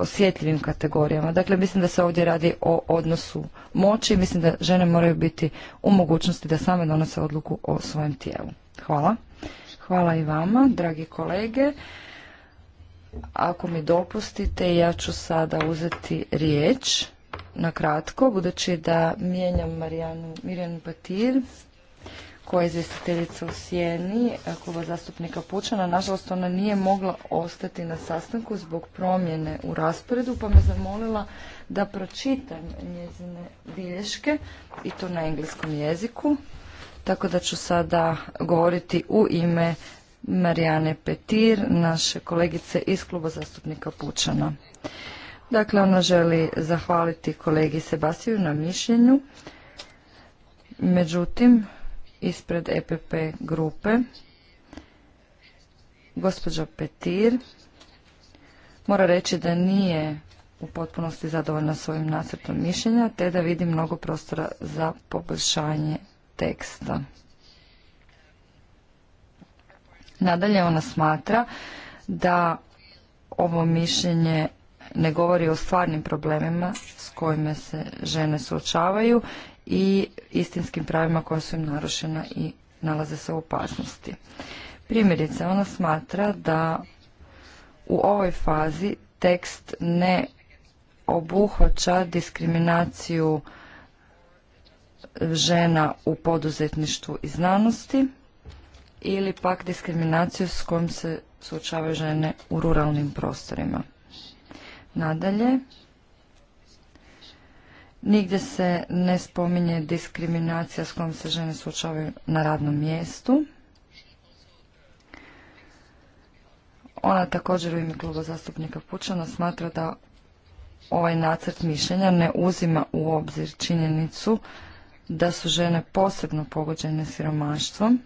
osjetljivim kategorijama. Dakle, mislim da se ovdje radi o odnosu moći mislim da žene moraju biti u mogućnosti da same donose odluku o svojem tijelu. Hvala. Hvala i vama, dragi kolege. Ako mi dopustite, ja ću sada uzeti riječ na kratko, budući da mijenjam Marijanu, Mirjanu Patir, koja je izvjestiteljica u Sjeni, e, kluba zastupnika Pučana. Nažalost, ona nije mogla ostati na sastanku zbog promjene u rasporedu, pa me zamolila da pročitam njezine bilješke i to na engleskom jeziku. Tako da ću sada govoriti u ime Marijane Petir, naše kolegice iz kluba zastupnika Pučana. Dakle, ona želi zahvaliti kolegi Sebastiju na mišljenju. Međutim, ispred EPP grupe. Gospođa Petir mora reći da nije u potpunosti zadovoljna svojim nacrtom mišljenja, te da vidi mnogo prostora za poboljšanje teksta. Nadalje ona smatra da ovo mišljenje ne govori o stvarnim problemima s kojima se žene suočavaju i istinskim pravima koja su im narušena i nalaze se u opasnosti. Primjerice, ona smatra da u ovoj fazi tekst ne obuhvaća diskriminaciju žena u poduzetništvu i znanosti ili pak diskriminaciju s kojom se suočavaju žene u ruralnim prostorima. Nadalje, Nigdje se ne spominje diskriminacija s kojom se žene suočavaju na radnom mjestu. Ona također u ime kluba zastupnika Pučana smatra da ovaj nacrt mišljenja ne uzima u obzir činjenicu da su žene posebno pogođene siromaštvom.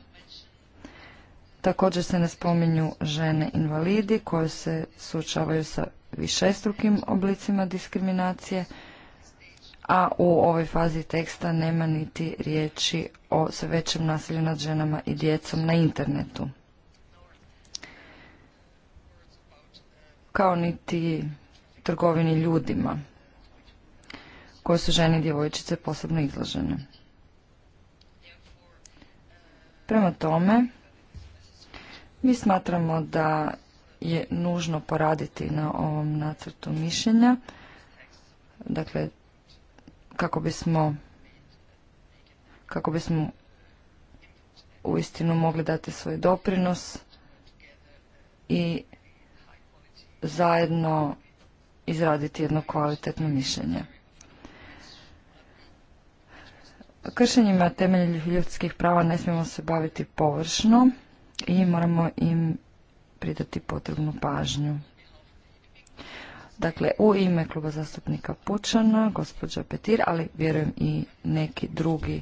Također se ne spominju žene invalidi koje se suočavaju sa višestrukim oblicima diskriminacije a u ovoj fazi teksta nema niti riječi o sve većem nasilju nad ženama i djecom na internetu. Kao niti trgovini ljudima koje su žene i djevojčice posebno izložene. Prema tome, mi smatramo da je nužno poraditi na ovom nacrtu mišljenja. Dakle, kako bismo kako bismo uistinu mogli dati svoj doprinos i zajedno izraditi jedno kvalitetno mišljenje. Kršenjima temeljnih ljudskih prava ne smijemo se baviti površno i moramo im pridati potrebnu pažnju. Dakle, u ime kluba zastupnika Pučana, gospođa Petir, ali vjerujem i neki drugi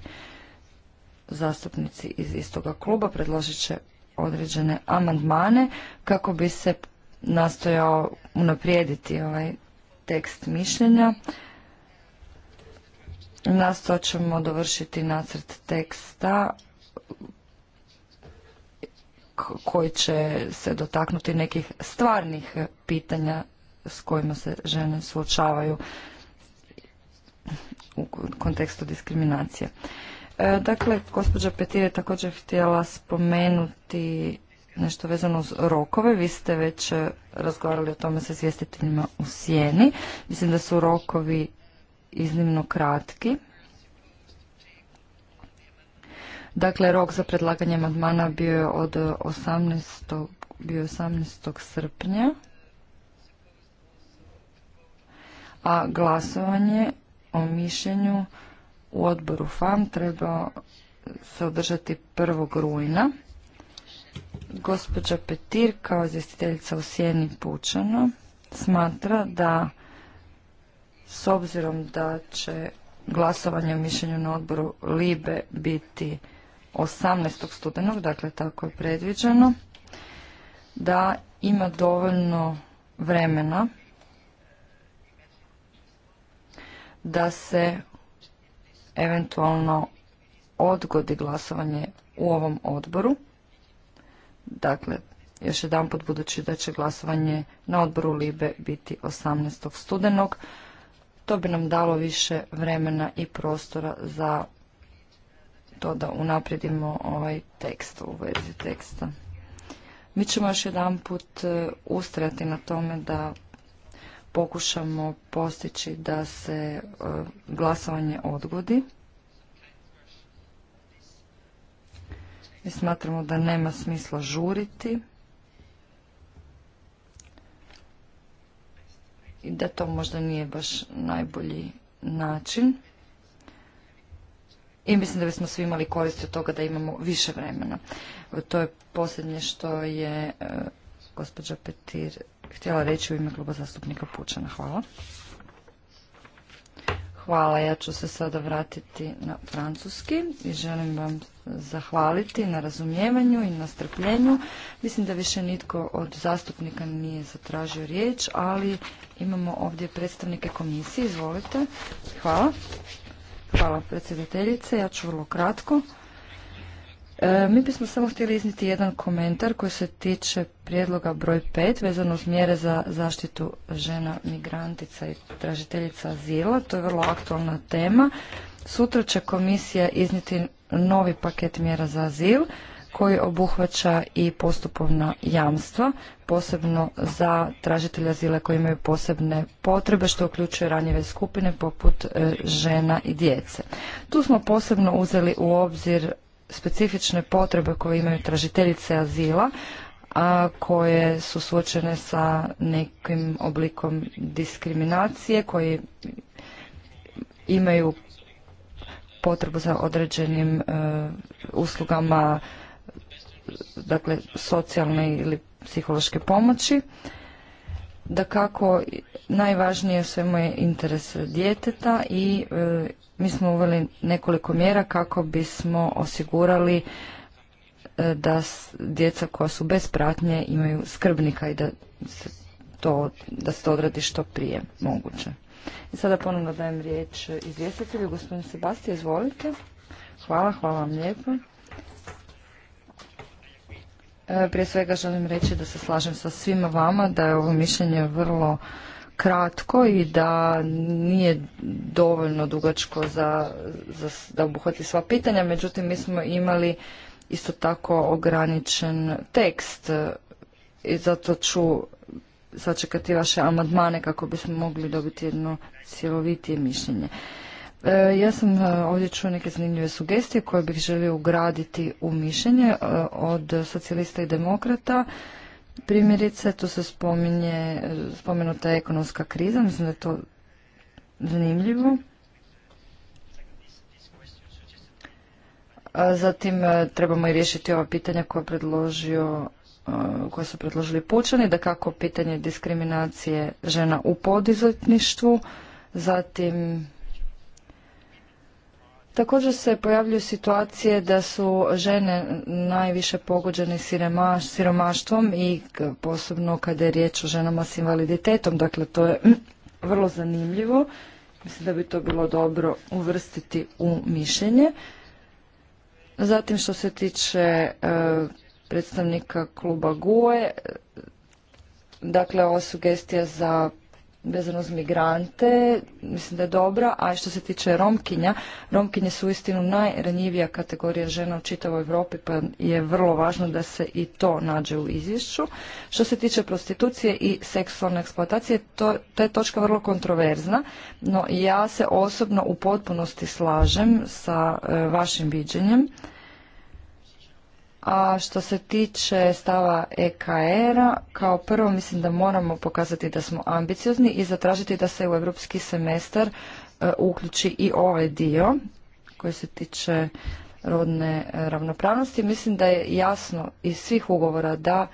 zastupnici iz istoga kluba predložit će određene amandmane kako bi se nastojao unaprijediti ovaj tekst mišljenja. Nasto ćemo dovršiti nacrt teksta koji će se dotaknuti nekih stvarnih pitanja s kojima se žene suočavaju u kontekstu diskriminacije. E, dakle, gospođa Petir je također htjela spomenuti nešto vezano uz rokove. Vi ste već e, razgovarali o tome sa izvjestiteljima u sjeni. Mislim da su rokovi iznimno kratki. Dakle, rok za predlaganje amandmana bio je od 18. bio 18. srpnja. a glasovanje o mišljenju u odboru FAM treba se održati 1. rujna. Gospođa Petir kao izvjestiteljica u Sjeni Pučana smatra da s obzirom da će glasovanje o mišljenju na odboru LIBE biti 18. studenog, dakle tako je predviđeno, da ima dovoljno vremena da se eventualno odgodi glasovanje u ovom odboru. Dakle, još jedan put budući da će glasovanje na odboru Libe biti 18. studenog. To bi nam dalo više vremena i prostora za to da unaprijedimo ovaj tekst u vezi teksta. Mi ćemo još jedan put e, na tome da pokušamo postići da se e, glasovanje odgodi. Mi smatramo da nema smisla žuriti i da to možda nije baš najbolji način. I mislim da bismo svi imali koristi od toga da imamo više vremena. To je posljednje što je e, gospođa Petir htjela reći u ime kluba zastupnika Pučana. Hvala. Hvala, ja ću se sada vratiti na francuski i želim vam zahvaliti na razumijevanju i na strpljenju. Mislim da više nitko od zastupnika nije zatražio riječ, ali imamo ovdje predstavnike komisije. Izvolite. Hvala. Hvala predsjedateljice. Ja ću vrlo kratko. E, mi bismo samo htjeli izniti jedan komentar koji se tiče prijedloga broj 5 vezano uz mjere za zaštitu žena migrantica i tražiteljica azila. To je vrlo aktualna tema. Sutra će komisija izniti novi paket mjera za azil koji obuhvaća i postupovna jamstva, posebno za tražitelja azila koji imaju posebne potrebe, što uključuje ranjive skupine poput e, žena i djece. Tu smo posebno uzeli u obzir specifične potrebe koje imaju tražiteljice azila, a koje su suočene sa nekim oblikom diskriminacije, koji imaju potrebu za određenim e, uslugama dakle socijalne ili psihološke pomoći da kako najvažnije u svemu je interes djeteta i e, mi smo uveli nekoliko mjera kako bismo osigurali e, da djeca koja su bez pratnje imaju skrbnika i da se to, da se odradi što prije moguće. I sada ponovno dajem riječ izvjestitelju, gospodin Sebastija, izvolite. Hvala, hvala vam lijepo. E, prije svega želim reći da se slažem sa svima vama da je ovo mišljenje vrlo kratko i da nije dovoljno dugačko za, da obuhvati sva pitanja, međutim mi smo imali isto tako ograničen tekst e, i zato ću sačekati vaše amandmane kako bismo mogli dobiti jedno cjelovitije mišljenje. E, ja sam e, ovdje čuo neke zanimljive sugestije koje bih želio ugraditi u mišljenje e, od socijalista i demokrata. Primjerice, tu se spominje, spomenuta je ekonomska kriza, mislim da je to zanimljivo. Zatim trebamo i riješiti ova pitanja koja, predložio, koja su predložili pučani, da kako pitanje diskriminacije žena u poduzetništvu, zatim Također se pojavljuju situacije da su žene najviše pogođene siromaštvom i posebno kada je riječ o ženama s invaliditetom. Dakle, to je vrlo zanimljivo. Mislim da bi to bilo dobro uvrstiti u mišljenje. Zatim što se tiče e, predstavnika kluba GUE, dakle ova sugestija za vezano uz migrante, mislim da je dobra, a što se tiče Romkinja, Romkinje su uistinu najranjivija kategorija žena u čitavoj Europi, pa je vrlo važno da se i to nađe u izvješću. Što se tiče prostitucije i seksualne eksploatacije, to, to je točka vrlo kontroverzna, no ja se osobno u potpunosti slažem sa e, vašim viđenjem a što se tiče stava EKR-a, kao prvo mislim da moramo pokazati da smo ambiciozni i zatražiti da se u europski semestar e, uključi i ovaj dio koji se tiče rodne ravnopravnosti. Mislim da je jasno iz svih ugovora da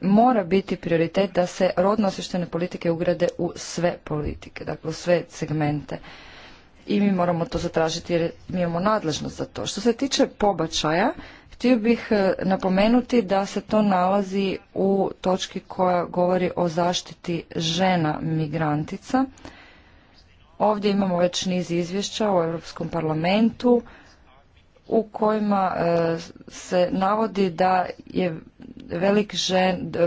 mora biti prioritet da se rodno osještene politike ugrade u sve politike, dakle u sve segmente. I mi moramo to zatražiti jer mi imamo nadležnost za to. Što se tiče pobačaja, Htio bih e, napomenuti da se to nalazi u točki koja govori o zaštiti žena migrantica. Ovdje imamo već niz izvješća u Europskom parlamentu u kojima e, se navodi da je velik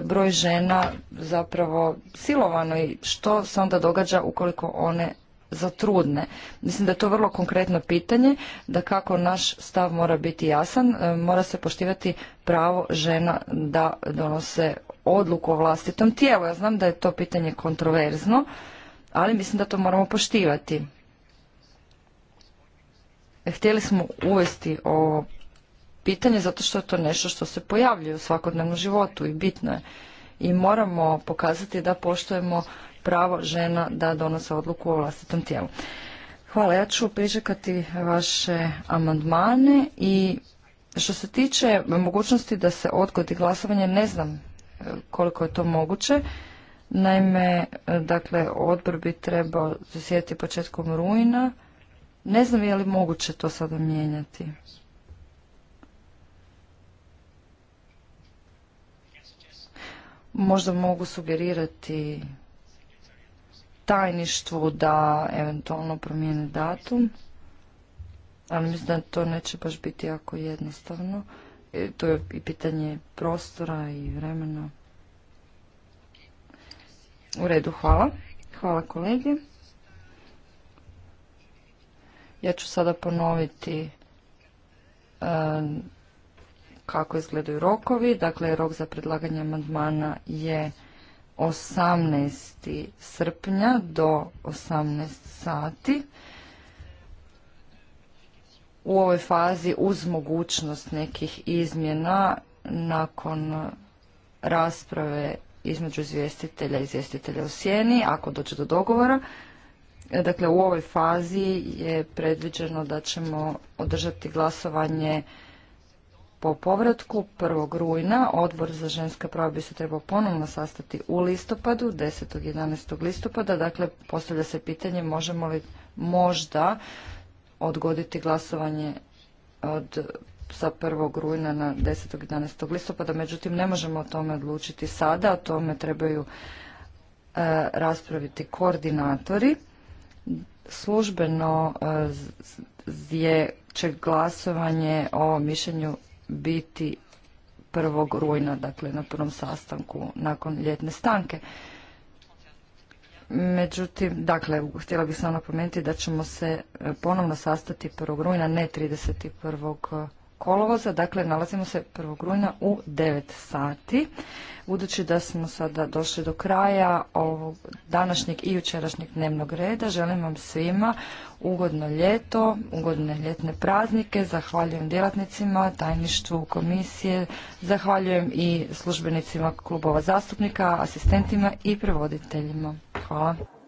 broj žena zapravo silovano i što se onda događa ukoliko one za trudne? Mislim da je to vrlo konkretno pitanje, da kako naš stav mora biti jasan, e, mora se poštivati pravo žena da donose odluku o vlastitom tijelu. Ja znam da je to pitanje kontroverzno, ali mislim da to moramo poštivati. Htjeli smo uvesti ovo pitanje zato što je to nešto što se pojavljuje u svakodnevnom životu i bitno je i moramo pokazati da poštujemo pravo žena da donose odluku o vlastitom tijelu. Hvala, ja ću pričekati vaše amandmane i što se tiče mogućnosti da se odgodi glasovanje, ne znam e, koliko je to moguće. Naime, e, dakle, odbor bi trebao sjetiti početkom rujna. Ne znam je li moguće to sada mijenjati. Možda mogu sugerirati tajništvu da eventualno promijene datum, ali mislim da to neće baš biti jako jednostavno. E, to je i pitanje prostora i vremena. U redu, hvala. Hvala kolege. Ja ću sada ponoviti kako izgledaju rokovi. Dakle, rok za predlaganje amandmana je 18. srpnja do 18 sati. U ovoj fazi uz mogućnost nekih izmjena nakon rasprave između izvjestitelja i izvjestitelja u sjeni, ako dođe do dogovora. E, dakle, u ovoj fazi je predviđeno da ćemo održati glasovanje po povratku 1. rujna odbor za ženska prava bi se trebao ponovno sastati u listopadu, 10. 11. listopada. Dakle, postavlja se pitanje možemo li možda odgoditi glasovanje od sa 1. rujna na 10. 11. listopada. Međutim, ne možemo o tome odlučiti sada, o tome trebaju e, raspraviti koordinatori. Službeno e, je će glasovanje o mišljenju biti 1. rujna, dakle na prvom sastanku nakon ljetne stanke. Međutim, dakle, htjela bih samo napomenuti da ćemo se ponovno sastati 1. rujna, ne 31 kolovoza, dakle nalazimo se 1. rujna u 9 sati. Budući da smo sada došli do kraja ovog današnjeg i jučerašnjeg dnevnog reda, želim vam svima ugodno ljeto, ugodne ljetne praznike, zahvaljujem djelatnicima, tajništvu komisije, zahvaljujem i službenicima klubova zastupnika, asistentima i prevoditeljima. Hvala.